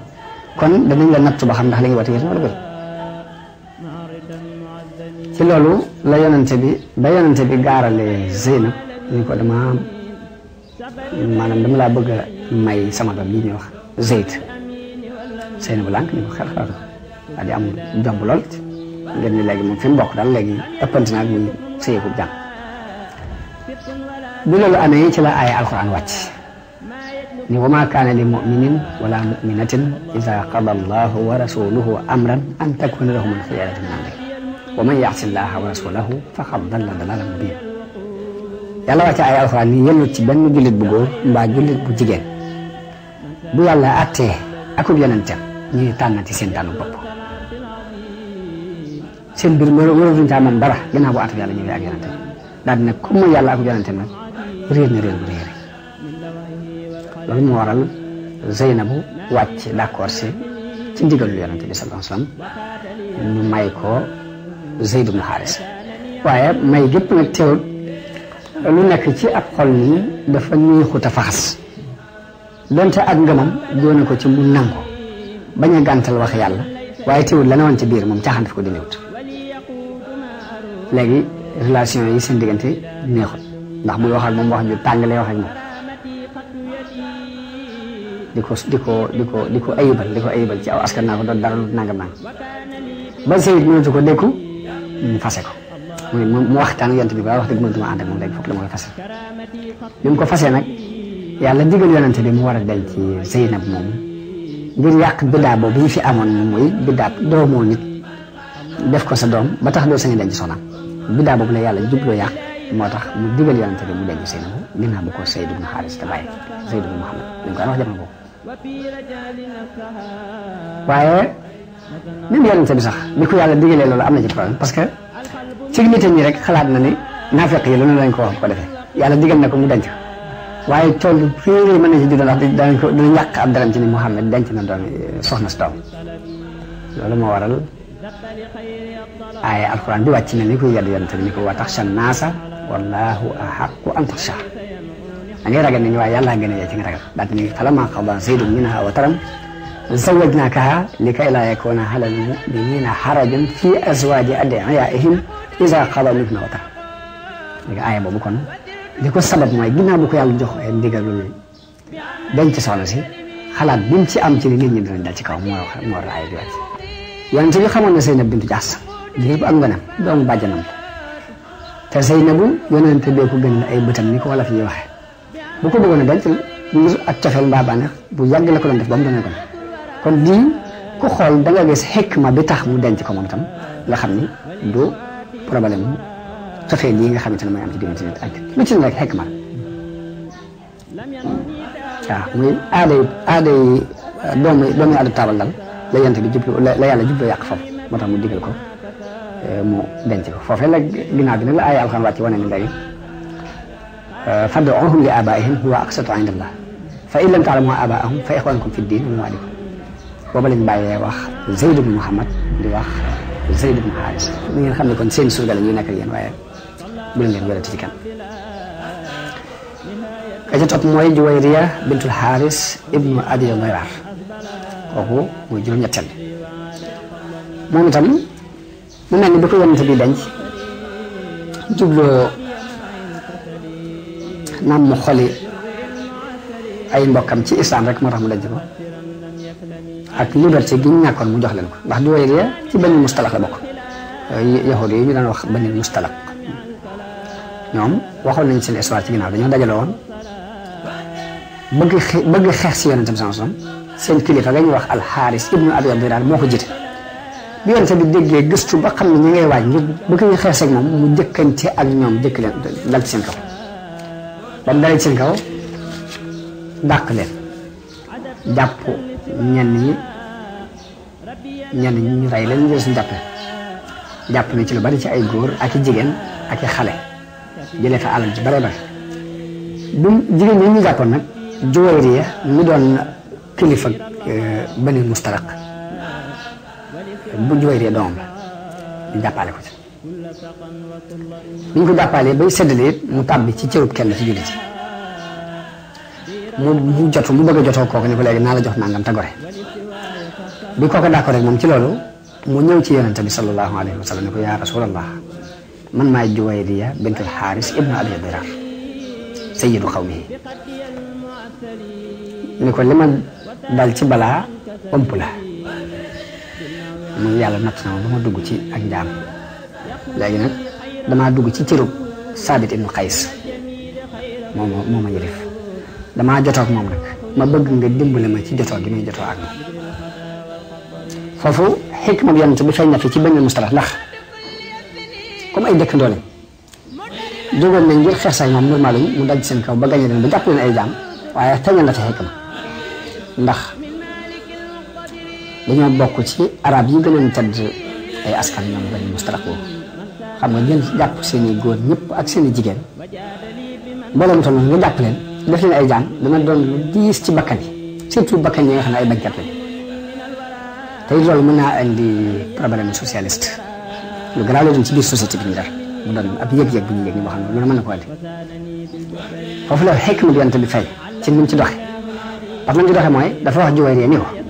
kon danañ la nattu ba xam ndax li nga woote wér na ci loolu la yonente bi ba yonente bi gaarale Zeynab ko dama maanaam dama laa bëgg a may sama doom yi ñuy wax Zeyd Zeynab lànk ni ko xel xalaatu daal di am jomb lool ngeen ni léegi moom fi mu bokk daal léegi ëppante na ak muy jàng bi loolu amee ci la aaya alquran wàcc ni wa maa kaana li muminin wala muminatin ida qada allahu wa rasuluhu amran an takuna lahum alxiyaratu min amri wa man yaasi allaha wa rasulahu faqad dalla dalalan mubin yàlla wàcce aaya alquran ni yellut ci benn jullit bu góor mbaa jullit bu jigéen bu yàlla attee akub yonentam ñuy tànnati seen tànnu bopp seen mbir mënatuñ caa moom dara ginnaaw bu attu yàlla ñëwee ak yonentam daal di ne comme yàlla akub yonentam nag réer na réer bu réer loolu moo waral Zeynabu wàcc d'accord si ci ndigalu yonente bi sallallahu alayhi wasallam ñu may ko Zeyd ibn Haarisa may gépp nag teewul nekk ci ab xol nii dafa ñuy xuta faxas donte ak ngëmam doone ko ci mu nangu bañ a gàntal wax yàlla waaye teewul la newoon ci biir moom caaxaan ko dindiwut léegi relation yi seen diggante neexut ndax muy waxal ak moom wax ñu tàng wax ak moom di ko di ko di ko di ko ayibal di ko ayibal ci aw askan naa ko doon dara lu nangam nangam ba sëyit mënatu ko dékku ñu fase ko muy mu waxtaan yent bi ba wax dëgg mënatuma ànd ak moom léegi foog dama koy fase bi mu ko fasee nag yàlla digal yonent bi mu war a del ci Zeynab moom ngir yàq bidaa boobu ñu fi amoon muy bidaa doomoo nit def ko sa doom ba tax doo sañ a denc soxna bidaa boobu la yàlla jubloo yàq ya. moo tax mu digal yonente bi mu denc Seynabu ginnaaw bu ko Sayd ibn Xaaris te bàyyi Sayd ibn Muhammad dañ ko daan wax jamono boobu waaye même yonente bi sax bi ko yàlla digalee loolu am na ci problème parce que ci nit ñi rek xalaat na ni naafeq yi loolu lañ ko wax ko defee yàlla digal na ko mu denc waaye tool fii nga mën na ci juddoo ndax dinañ ko dinañ yàq ab daram ni Muhammad denc na doon eh, soxna si doom loolu moo waral. aaya alxuraan bi wàcc na ni kuy yedd yonente bi ni ko wa taxsha wallaahu axaqu an tuxsha da ngay ragal nañu waaye yàlla gën a yee ci nga ragal daal di ne falammaa qadaa zaydun minhaa wataran zawwajnaakahaa likay laa yakuuna alal mu'miniina harajun fii azwaaji adiyaa'ihim izaa qadaa minhunna wataran léegi aaya boobu kon li ko sabab mooy ginnaaw bu ko yàlla jox ndigalul denc soxna si xalaat bi mu ci am ci li nit ñi doon dal ci kaw moo moo raay bi wàcc yonent bi xamoon na Zeynab bintu Jaas jigéen bu ak nganam doomu bàjjanam te Zeynabu yonente bee ko gën la ay bëtam ni ko wala fi ñuy bu ko bëggoon a denc ak cofeel mbaa bu yàgg la ko doon def ba mu kon lii ku nga gis bi tax mu denc ko moom itam nga xam ni du problème nga xamante ne mooy am ci diggante nit ak lu ci nekk xikma waaw muy aada yi la yonente la yàlla jublu yàq foofu tax mu digal ko mu denc ko foofee la ginnaaw bi nag la ay alxuraan wàcc wane ni léegi euh, fad'uuhum li aabaa'ihim huwa aqsatu inda Allah fa in lam ta'lamu aabaa'ahum fa ixwaanukum fi diin wa muwaaliikum booba lañ bàyyee wax Zayd ibn Muhammad di wax Zayd ibn Haaris li ngeen xam ne kon seen surga la ñuy nekk ak yéen waaye bu leen leen wérati ci kan ka ca topp mooy Juwayriya bintul Haaris ibnu Abi Dirar kooku mooy juróom-ñetteel moom itam mu mel ni bi ko yonent bi denc jubloo naam mu xoli ay mbokkam ci islam rek moo tax mu denc ko ak liberté gi ñu ñàkkoon mu jox leen ko ndax di wéy ci benn mustalax la bokk yahudi yi ñu daan wax benn mustalax ñoom waxoon nañ seen histoire ci ginnaaw dañoo dajale woon bëgg xe bëgg xeex si yonent bi sama seen kilifa nga ñuy wax alxaaris ibnu abi abdillaah moo ko jiite. bi yonte bi déggee gëstu ba xam ne ñi ngay waaj ñu bëgg ñu xees moom mu jëkkante ak ñoom jëkk leen dal ci seen kaw ba mu dalee ci seen kaw dàq leen jàpp ñenn ñi ñenn ñi ñu rey leen ñu suñu jàpp na ci lu bari ci ay góor ak i jigéen ak i xale jëlee fa alal ci bare bari bu jigéen ñi ñu jàppoon nag juwariya mu doon kilifa euh, bani mustaraq bu jubaytee doomam la ñu jàppale ko ci ñu ko jàppalee bay séddalee mu tàbbi ci cërub kenn ci jullit mu mu jotu mu bëgg a jotoo kooku ne ko léegi naa la jox nangam te gore bi kooku d'accord rek moom ci loolu mu ñëw ci yonente bi sallallahu alayhi wa sallam ne ko yaa rasulallah man maay Juwayriya bint al-Xaaris ibnu Abi Diraar sayyidu xawmihi ni ko li ma dal ci balaa ëmp la muy yàlla natt sama ba ma dugg ci ak njaam léegi nag damaa dugg ci cërub Saabit ibnu Xays moo ma moo ma yëlif damaa jotoog moom nag ma bëgg nga dimbale ma ci jotoo gi muy jotoo ak moom foofu xikma bi yonent bi feeñ na fi ci bañul mustalax ndax comme ay dëkkandoo lañ jógoon nañ ngir xeex sax ñoom normal mu daj seen ko ba gañe leen ba jàpp leen ay jaam waaye feeñal na fi xikma ndax dañoo bokk ci arab yi gënoon tëdd ay askan ñoom Bani Mustaliq xam nga ngeen jàpp seen i góor ñëpp ak seen i jigéen mbooloo mu toll nga jàpp leen def leen ay jaam dana doon ci bakkan yi surtout bakkan yi xam ne ay bañkat lañ te it loolu mën naa indi problème socialiste lu garaaw la doon ci biir société bi ñu dar mu doon ab yëg-yëg bu ñu yëg ñu boo xam ne loolu na ko indi foofu la xekk mu yonent bi fay ci ni mu ci doxe parce que ci doxe mooy dafa wax juway ni ko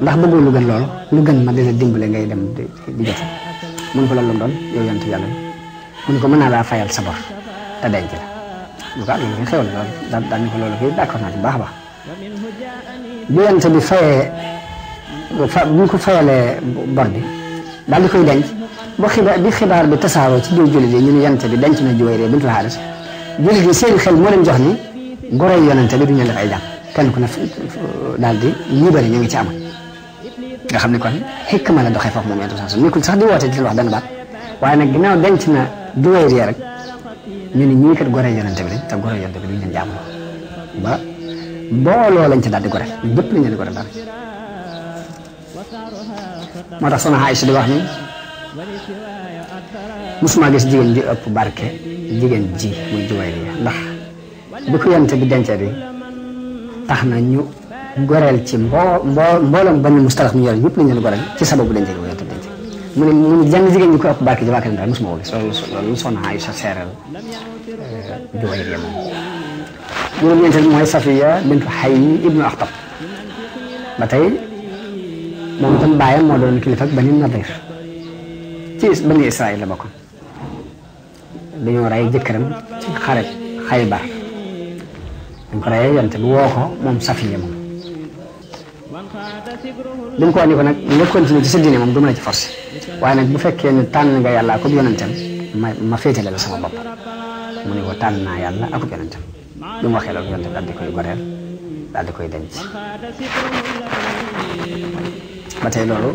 ndax bëggoo lu gën loolu lu gën ma dina dimbale ngay dem di di jot mun ko loolu doon yow yant yàlla mun ko mën naa laa fayal sa bor te denc la lu ko ak xew la loolu daal daal ñu ko loolu a baax bu bi fayee bu ko fayalee bor bi daal di koy denc bu xibaar bi xibaar bi tasaaroo ci biir jullit yi ñu ne yant bi denc na juway ree bintu xaalis jullit yi seen xel moo jox ni goroy yonante bi du ñu def ay jàmm kenn ku ne daal di libéré ñu ngi ci amoon nga xam ne kon xikma la doxee foofu moom yonent bi nekkul sax di woote di wax benn baat waaye nag ginnaaw denc na juróomi rek ñu ne ñii kat te goree yonent bi duñ leen jaamu ba lañ ci daal di gore bépp lañ leen di gore daal moo tax soxna Aïcha di wax ni musuma gis jigéen ji ëpp barke jigéen ji muy ndax bu ko yonent bi dencee bi tax na ñu. goreel ci mboo mboo mbooloom ba ñu mustalax ñu yor ñëpp lañ leen goreel ci sababu denc la yonent denc mu ne mu ne jàng jigéen ñi ko ëpp barke ci waa Kër Ndaal mosuma ko gis loolu loolu soxna Aïcha seeral euh, juway ya moom juróom-ñeenteel mooy Safiya bintu Hayy ibnu Axtab ba tey moom itam bàyyam moo doon kilifa ak Bani Nadir ci Bani Israël la bokkoon dañoo rey jëkkëram ci xare Xaybar dañ ko reyee yonent bi woo ko moom Safiya moom li mu ko wax ni ko nag nga continuer ci sa diine moom du ma la ci forcé waaye nag bu fekkee ne tànn nga yàlla akub yonentam ma ma féetale la sama bopp mu ne ko tànn naa yàlla akub yonentam bi mu waxee loolu yonentam daal di koy goreel daal di koy denc ba tey loolu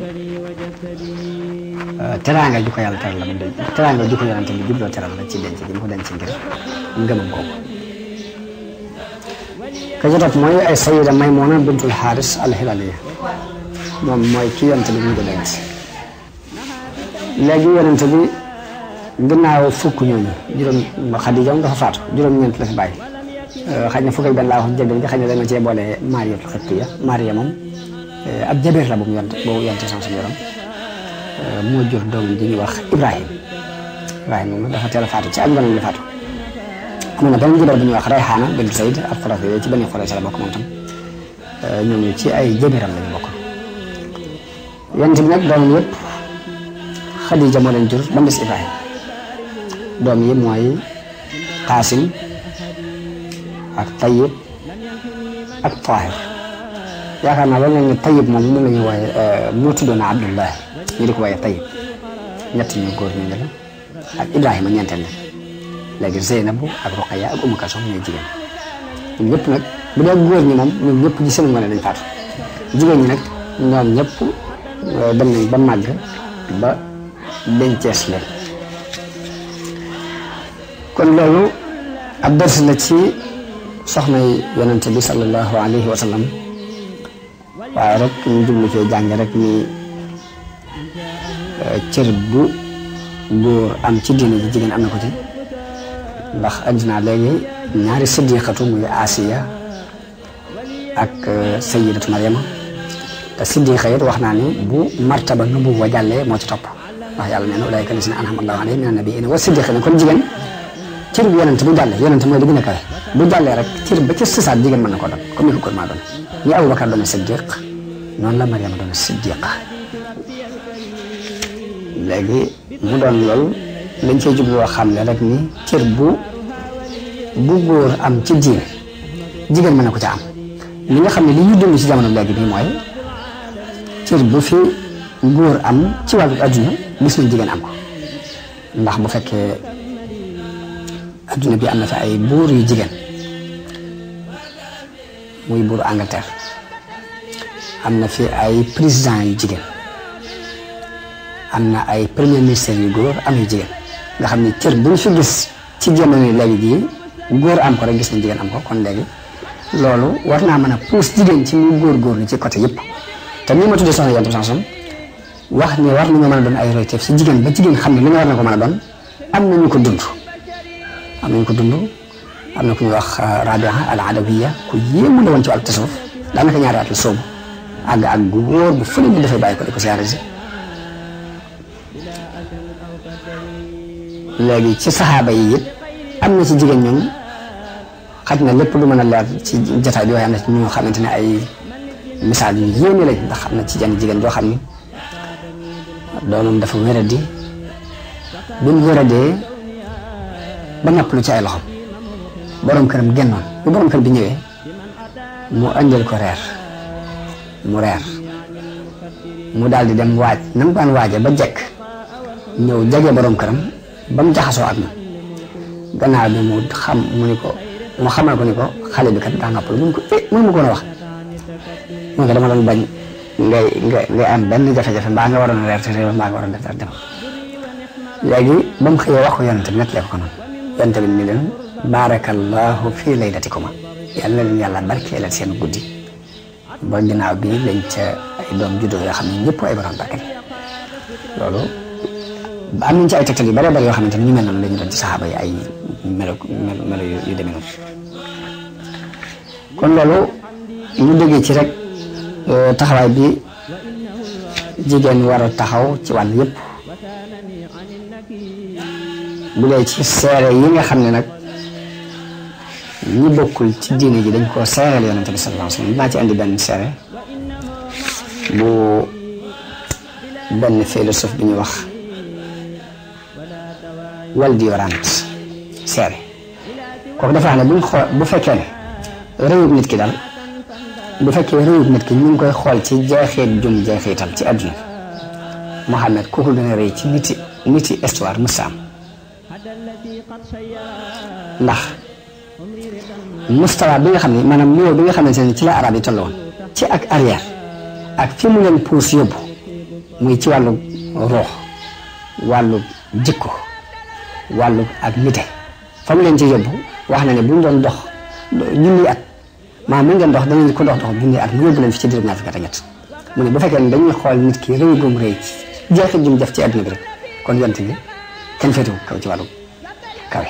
euh, teraanga ju ko yàlla teral la mu denc teraanga ju ko yonentam bi jubloo teral la ci denc bi mu ko denc ngir ngëmam kooku ka ci topp mooy ay sayida Maymuna bintul Xaaris alxilaliya moom mooy ci yonent bi mu gëleent léegi yonent bi ginnaaw fukk ñooñu juróom Xadija la fi bàyyi euh, xaj na fukk ak benn laa wax jabeer ji xaj na dama cee boole Maariyatul Xibtiya Maariya moom euh, ab jabeer la bu mu yonent boobu yonent sama suñu euh, jur doom ji ñuy wax Ibrahim Ibrahim moom dafa teel a faatu ci ak ngoonam la faatu moom itam ngi def dañuy wax Rayhaana bin Zayd al Xurafi yooyu ci Bani Qurayza la bokk moom itam euh, ñooñu ci ay jëgëram la ñu bokk yonent bi nag doomam yëpp Xadija moo leen jur ba mu des Ibrahima doom yi mooy Qaasim ak Tayyib ak Taahir yaakaar naa loolu ne Tayyib moom moom la ñuy wooye euh, moo tuddoon Abdullahi ñu di ko wooye Tayyib ñett ñu góor ñu la ak Ibrahima ñeenteel la léegi Zeynabu ak Roqaya ak Umu Kalsum ñooy jigéen ñun ñëpp bu dee góor ñi moom ñoom ñëpp ci seen ngoone lañ faatu jigéen ñi nag ñoom ñëpp dem nañ ba màgg ba dencees leen kon loolu ab dars la ci bi sallallahu alayhi wa sallam waaye rek ñu jublu cee jàng rek ni eh, cër bu góor am ci diine ji jigéen am na ko ci ndax indi naa léegi ñaari siddiqatu muy Asiya ak euh, sayidatu Mariama te siddiqa it wax naa ni bu martaba nubuwa jàllee moo ci topp ndax yàlla nee na ulaayka lazina an'ama allahu alayhim mina nabiyyiina wa siddiqiina kon jigéen cër bu yonent bu jàllee yonent mooy li gën bu jàllee rek cër ba ci sisaat jigéen mën ko doon comme ko góor maa doon ni Abubakar doon siddiq noonu la Mariama doon siddiqa léegi mu doon loolu lañ cee jubloo xam ne rek ni cër bu bu góor am ci diine jigéen mën na ko ca am li nga xam ne li ñu dund ci jamono léegi bii mooy cër bu fi góor am ci wàllu adduna gis nañ am ko ndax bu fekkee bi am na fa ay buur yu jigéen muy buuru Angleterre am na fi ay président yu jigéen am na ay premier ministre yu góor am yu jigéen nga xam ne cër bu ñu fi gis ci jamono léegi jii góor am ko rek gis na jigéen am ko kon léegi loolu war naa mën a pousse jigéen ci muy góorgóorlu ci côté yëpp te ni ma tuddee soxna Yonent bi Sanson wax ne war nañoo mën a doon ay royteef si jigéen ba jigéen xam ne li nga war na ko mën a doon am nañu ko dund am nañu ko dund am na ku ñuy wax euh, Rabia al Adawiya ku yéemu la woon ci wàllu tasawuf daanaka ñaari at la soobu àgg ak góor bu fële ñu dafay bàyyi ko di ko siyaare si léegi ci saxaaba yi it am na ci jigéen ñoom xaj na lépp lu mën a leer ci jataay bi waaye am na ci ñu xamante ne ay misaal yu yéeme am na ci jenn jigéen joo xam ni doomam dafa wéradi bi mu wéradee ba noppalu ci ay loxom borom këram génnoon bu borom kër bi ñëwee mu andil ko reer mu reer mu daal di dem waaj na mu daan waaje ba jekk ñëw jege borom këram ba mu jaxasoo ak moom gannaaw bi mu xam mu ni ko mu xamal ko ni ko xale bi ka kat daa noppal mu ko eh mënu ma ko woon wax mu ko dama doon bañ ngay am benn jafe-jafe mbaa nga waroon a leer te réew mbaa nga waroon a def def léegi ba mu xëyee wax ko yonent bi nettalee ko ko noonu yonent bi ni leen baarakallahu fii laylatikuma yal na leen yàlla barkeelal seen guddi ba ginnaaw bi lañ ca ay doom juddoo yoo xam ne ñëpp ay borom barke am nañ ci ay tegtal yu bëree bëri yoo xamante ni ñu mel noonu la ñu doon ci saxaaba yi ay melo melo yu demee noonu kon loolu ñu déggee ci rek euh, taxawaay bi jigéen war a taxaw ci wàll yëpp bu dee ci seere yi nga xam ne nag ñi bokkul ci diine ji dañ koo seereel yonente bi sallallahu alayhi wasallam dinaa ci andi benn seere bu benn philosophe bi ñu wax والديورانت ساري وقد فعلا بنخو بفكان ريب نتكدر بفكي ريب نتكدر من كوي خوال تي جاخي بجون جاخي تل تي أدن محمد كوكو دن ريت نتي نتي استوار مسام نخ مستوى بيغا خمني مانا ميو بيغا خمني سنة تلا عربي تلوان تي أك أريا أك في مولين بوس يبو ميتي والو روح والو ديكو wàllu ak nite fa mu leen ci yóbbu wax na ne bu mu doon dox junni at maanaam mu ngeen dox danañ ko dox dox junni at mu yóbbu leen fi ci diiru ñaar fukki bu fekkee ne dañuy xool nit ki rëy gum rëy jeexit jum def ci àdduna bi rek kon yont bi kenn féetu kaw ci wàllu kawe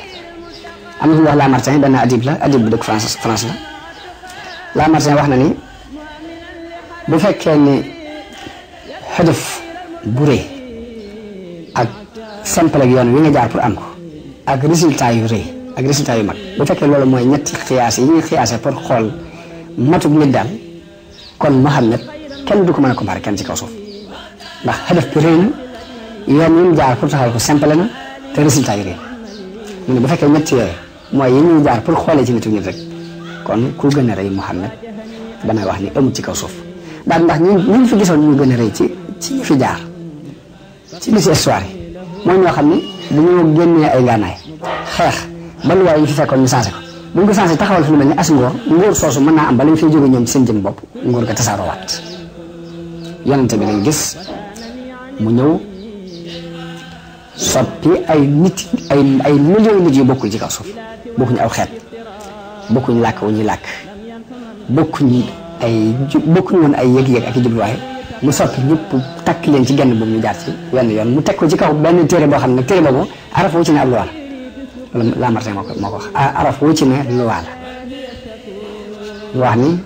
am na fi wax Lamartine benn adib la adib bu dëkk France France la Lamartine wax na ni bu fekkee ne xëdëf bu rëy ak simple yoon wi nga jaar pour am ko ak résultat yu rëy ak résultat yu mag bu fekkee loolu mooy ñetti xiyaas yi ñuy xiyaase pour xool matug nit daal kon Muhammad kenn du ko mën a comparé kenn ci kaw suuf ndax xadaf bi rëy na yoon yi mu jaar ko simple na te résultat yu rëy mu ne bu fekkee ñetti yooyu mooy yi ñuy jaar pour xoolee ci nitu nit rek kon ku gën a rëy Muhammad dana wax ni amul ci kaw suuf daal ndax ñu ñu fi gisoon ñu gën a rëy ci ci ñu fi jaar ci li ci histoire mooy ñoo xam ni bu ñu génnee ay gànnaay xeex ba luwaay yi fi fekkoon ñu changé ko bu ñu ko changé taxawal fi lu mel ni as ngóor ngóor soosu mën naa am ba lañ fay jóge ñoom ci seen jëm bopp ngóor ga tasaarowaat yonente bi lañ gis mu ñëw soppi ay nit ay nit yu bokkul ci bokkuñu aw xeet bokkuñ làkk wu ñuy làkk bokkuñu ay bokkuñu woon ay yëg mu soppi ñëpp takk leen ci genn boobu ñu jaar ci wenn yoon mu teg ko ci kaw benn téere boo xam ne nag téere boobu araf wu ci ne ab luwaa la Lamartine moo ko wax araf ci ne luwaa wax ni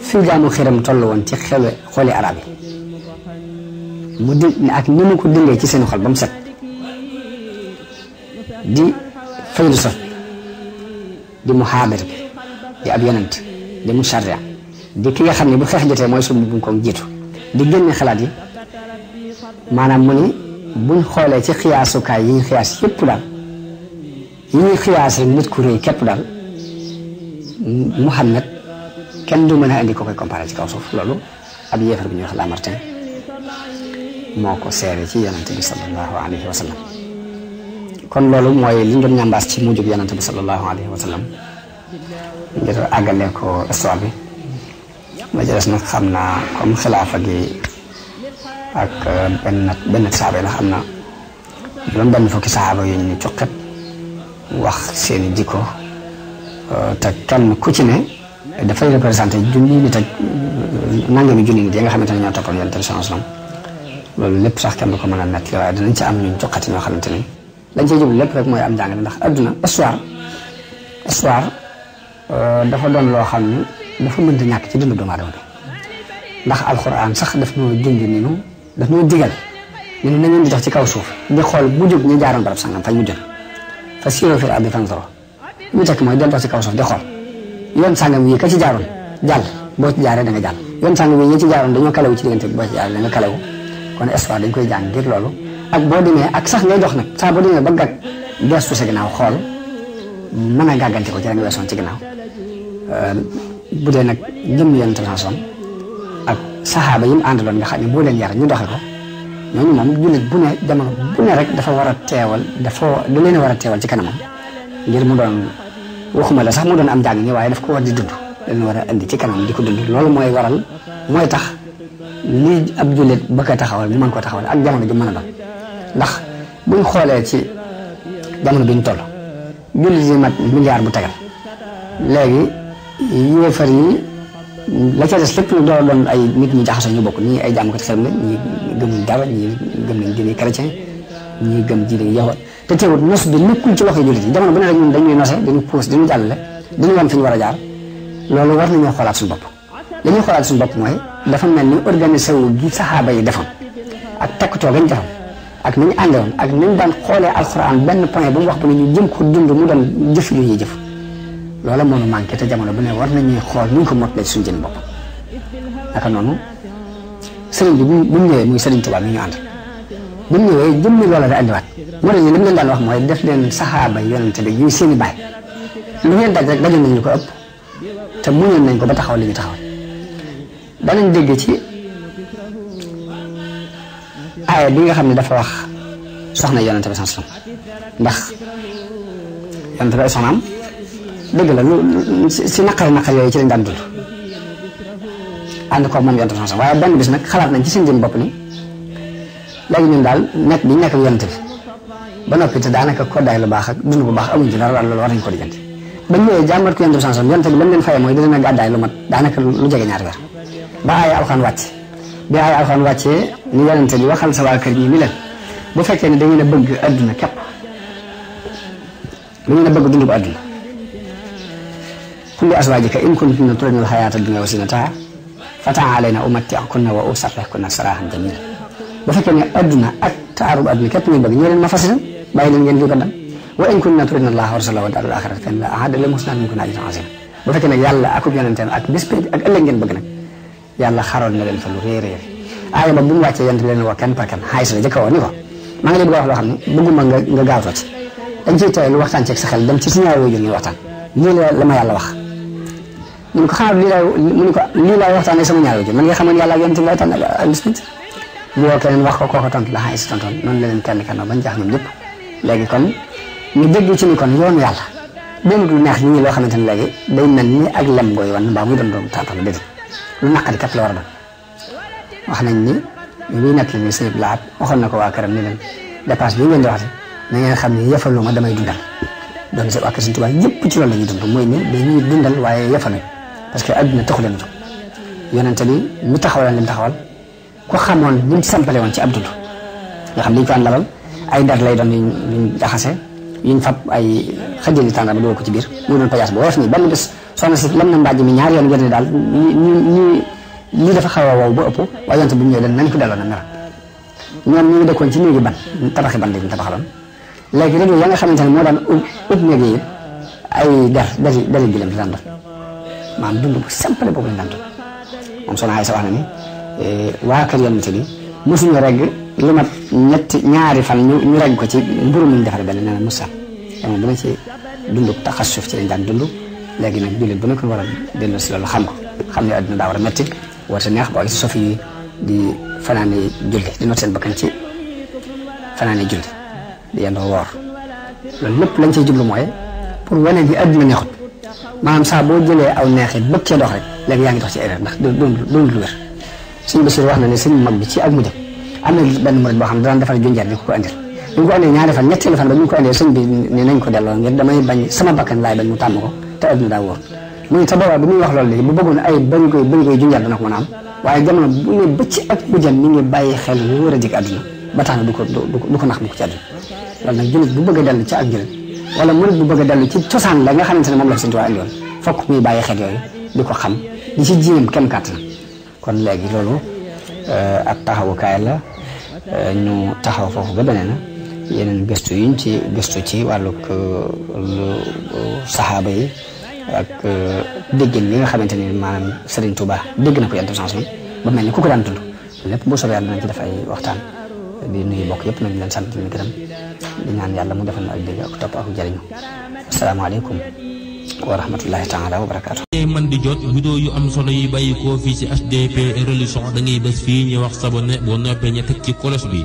fii jaamu xiram toll woon ci xel xooli arab yi mu di ak ni mu ko dindee ci seen xol ba mu set di philosophe bi di muhaadar bi di ab yonent di mu charia di ki nga xam ne bu xeex jotee mooy suñu buñ ko jiitu di génne xalaat yi maanaam mu ni buñ xoolee ci xiyaasukaay yi ñu xiyaas yëpp daal yi ñuy xiyaase nit ku kenn du mën a indi ko koy ci kaw suuf loolu ab yéefar bi ko seere ci yonante bi kon loolu mooy li ñu doon ñambaas ci mujjub yonante ko histoire ba ci nag xam naa comme xilaafa gi ak euh, benn benn saaba yi la xam na juróom benn fukki saaba yu ñu cuqit wax seeni jikko euh, te kan ku ci ne dafay représenté junni nit ak euh, nangami junni nit yi nga xamante ne ñoo toppoon yonent bi sallallahu alayhi wasallam loolu lépp sax kenn du ko mën a nett waaye danañ ci am ñu cuqati ñoo xamante ni lañ cee jublu lépp rek mooy am jàng ndax adduna histoire histoire dafa doon loo xam ni dafa mën di ñàkk ci dundu doomu aadama bi ndax alxuraan sax daf noo junj ni nu daf noo digal ñu ne nañu di dox ci kaw suuf di xool bu jóg ñu jaaroon barab sangam fa ñu jëm fa siiroo fil ardi fanzuru ñu tekk mooy del dox ci kaw suuf di xool yoon sangam yi ka ci jaaroon jàll boo jaaree da nga jàll yoon sangam yi ñi ci jaaroon dañoo kalawu ci diggante boo ci jaaree da nga kalawu kon histoire dañ koy jàng ngir loolu ak boo demee ak sax ngay dox nag saa boo demee ba gàgg gestu sa ginnaaw xool mën a gàggante ko ci la nga weesoon ci ginnaaw euh, bu dee nag jëm yonent la ak saxaaba yi mu àndaloon nga xam ne boo leen yar ñu doxe ko ñooñu moom jullit bu ne jamono bu ne rek dafa war a teewal dafa lu leen war a teewal ci kanamam ngir mu doon waxuma la sax mu doon am jàng waaye daf ko war di dund war indi ci di ko dund loolu mooy waral mooy tax lii ab jullit bëgg a taxawal mu mën koo taxawal ak jamono ju mën a doon ndax buñ xoolee ci jamono biñ toll jullit yi mat milliard bu tegal léegi yéefar yi la ca des lépp lu door doon ay nit ñi jaxasoo ñu bokk ñii ay jàmmkat xel lañ ñii gëmuñ ñi ñii gëm nañ diine chrétien ñii gëm diine yahood te teewul nos bi nekkul ci loxo jullit yi jamono bu ne rek ñun dañuy nose dañuy puus dañuy jàllale dañuy wan fi ñu a jaar loolu war nañoo xoolaat suñu bopp li ñuy xoolaat suñu bopp mooy dafa mel ni organisé wu gi saxaaba yi defoon ak takkutoo gañ defoon ak nañu àndewoon ak nañ daan xoolee alxuraan benn point bu mu wax bu ne ñu jëm ko dund mu doon jëf ñu ñuy jëf loola moo ñu manqué te jamono bu ne war nañuy xool nu ñu ko mottalee suñu jën bopp naka noonu sëriñ bi bu bu ñëwee muy sëriñ Tuubaa mi ñu ànd bu ñëwee jëmmi loola da andiwaat moo tax mu leen daan wax mooy def leen saxaaba yonente bi yuy seen i baay lu ngeen daj rek dajal nañu ko ëpp te muñoon nañ ko ba taxaw li ñu taxaw danañ dégg ci aaya bi nga xam ne dafa wax soxna yonente bi sans ndax yonente bi ay soxnaam dëgg la si naqar naqar yooyu ci lañ daan dund ànd ko moom yonte bi waaye benn bis nag xalaat nañ ci seen jëm bopp ni léegi ñun daal nekk bi nekk yonte bi ba noppi te daanaka koddaay lu baax ak dund bu baax amuñ ci dara loolu war nañ ko diggante ba ñëwee jàmbat ko yonte bi sax yonte bi lañ mooy dina na gàddaay lu mat daanaka lu jege ñaari weer ba ay alxaan wàcc bi ay alxaan wàccee ni yonente bi waxal sa waa kër ñi ni leen bu fekkee ni da ngeen a bëgg adduna képp da ngeen a bëgg dund bu adduna kullu azwaajika in kuntunna turidna al-hayaata dunya wa zinataha fa ta'aalayna umatti'kunna wa usaffihkunna saraahan jamila bu fekkee ne adduna ak taarub adduna képp ngeen bëgg ma fas leen bàyyi leen ngeen jóg dem wa in kuntunna turidna Allaha wa rasuulahu wa daaral aaxirata fa inna Allaha a'adda lil muhsinaati minkunna ajran 'aziiman bu fekkee nag yàlla akub ak bis ak ëllëg ngeen bëgg nag yàlla xaroon na leen fa ba bu mu wàccee yant bi leen woo kenn mu ne ko lii laay mu ne ko lii laay waxtaanee sama ñaari wujur man nga xamoon yàlla ak yonent bi lay tànn ak bis bi mu wax ko kooko tontu la xay si tontoon noonu la leen kenn kenn bañ jaax kon ñu dégg ci kon yoonu yàlla benn lu neex ñu ngi loo xamante ne léegi day mel ni ak lem booy wan mbaa muy doon doon tàntal déedéet lu naqari kat la war a doon wax nañ ni luy nekk la ñu sëñ bi laat waxoon na ko waa këram ni leen dépense bi ngeen di waxte na ngeen xam ne yëfaluma damay dundal doon si waa Kër Sëñ Tuubaa yëpp ci loolu la ñuy dund mooy ne dañuy dundal waaye yëfaluñ parce que adduna taxu leen jóg yonente bi mu taxawaloon li mu taxawal ku xamoon li mu sampale woon ci ab dund nga xam dañu ko an ay ndar lay doon yuñ jaxase yuñ fab ay xajali tànga ba ko ci biir muy doon payaas bu woyof nii benn bés soxna si lam na mbaaj daal ñu lii dafa xaw a wow ba ëpp waaye yonente bi ñëwee nañ ko delloo na mera ñoom ñu ngi dëkkoon ci néegi ban tabaxi ban lañ tabaxaloon léegi rajo ya nga xamante ne moo daan ub ub néegi ay der dari dari gilem di daan def maanaam dund bu simple boobu lañ daan dund moom soxna Aysa wax na ni eh, waa kër yonent bi mosuñu regg lu mat ñetti ñaari fan ñu ñu ko ci mburu mu ñu defaree benn nee na Moussa moom dina ci dund taxasuf ci lañ daan dund léegi nag jullit bu nekk war si loolu xam ko xam ne adduna daa war a neex boo yi di fanaane julli di noot seen bakkan ci fanaane julli di yendoo woor loolu lépp lañ cay jublu mooy pour wane ni adduna neexut maanaam saa boo jëlee aw neexit bëgg cee dox rek léegi yaa ngi dox ci doon doon lu wér suñu Basiir wax na ne sëñ mag bi ci ak mujjam am na benn murid boo xam ne daan defal junjaat bi ko ko andil bi ñu ko andee ñaari fan ñetteelu fan ba ñu ko nañ ko delloo ngir damay bañ sama bakkan laay bañ mu tàmm ko te adduna daa wóor mu ne te boobaa bi muy wax loolu léegi bu bëggoon ay bëri koy bëri koy junjaat dana ko mën a am waaye jamono bu ne ba ak mujjam mi ngi bàyyi xel wóor a jik adduna ba tax na du ko ko nax mu ko ci adduna nag jullit bu bëgg a dellu ci ak njëriñ wala murit bu bëgg a ci cosaan la nga xamante ne moom la si Sëñ Tuubaa indi woon fokk muy bàyyi xel yooyu di ko xam di ci jéem kem kàttan kon léegi loolu euh, ak taxawukaay la euh, ñu taxaw foofu ba beneen yeneen gëstu yuñ ci gëstu ci wàllug euh, lu saxaaba yi ak déggin li nga xamante ni maanaam Serigne Touba dégg na ko yenn sens ba mel ni ku ko daan dund lépp boo soobee yàlla dana ci def waxtaan di nuyu mbokk yëpp nañ leen sant di leen gërëm. di ñaan yàlla mu defal na ak dégg ak topp ak jëriñu asalaamaaleykum wa rahmatullahi taala wa barakaatu ngay mën di jot vidéo yu am solo yi bàyyi koo fii ci HDP religion da ngay bés fii ñu wax sabonné boo noppee ñu teg ci kolos bi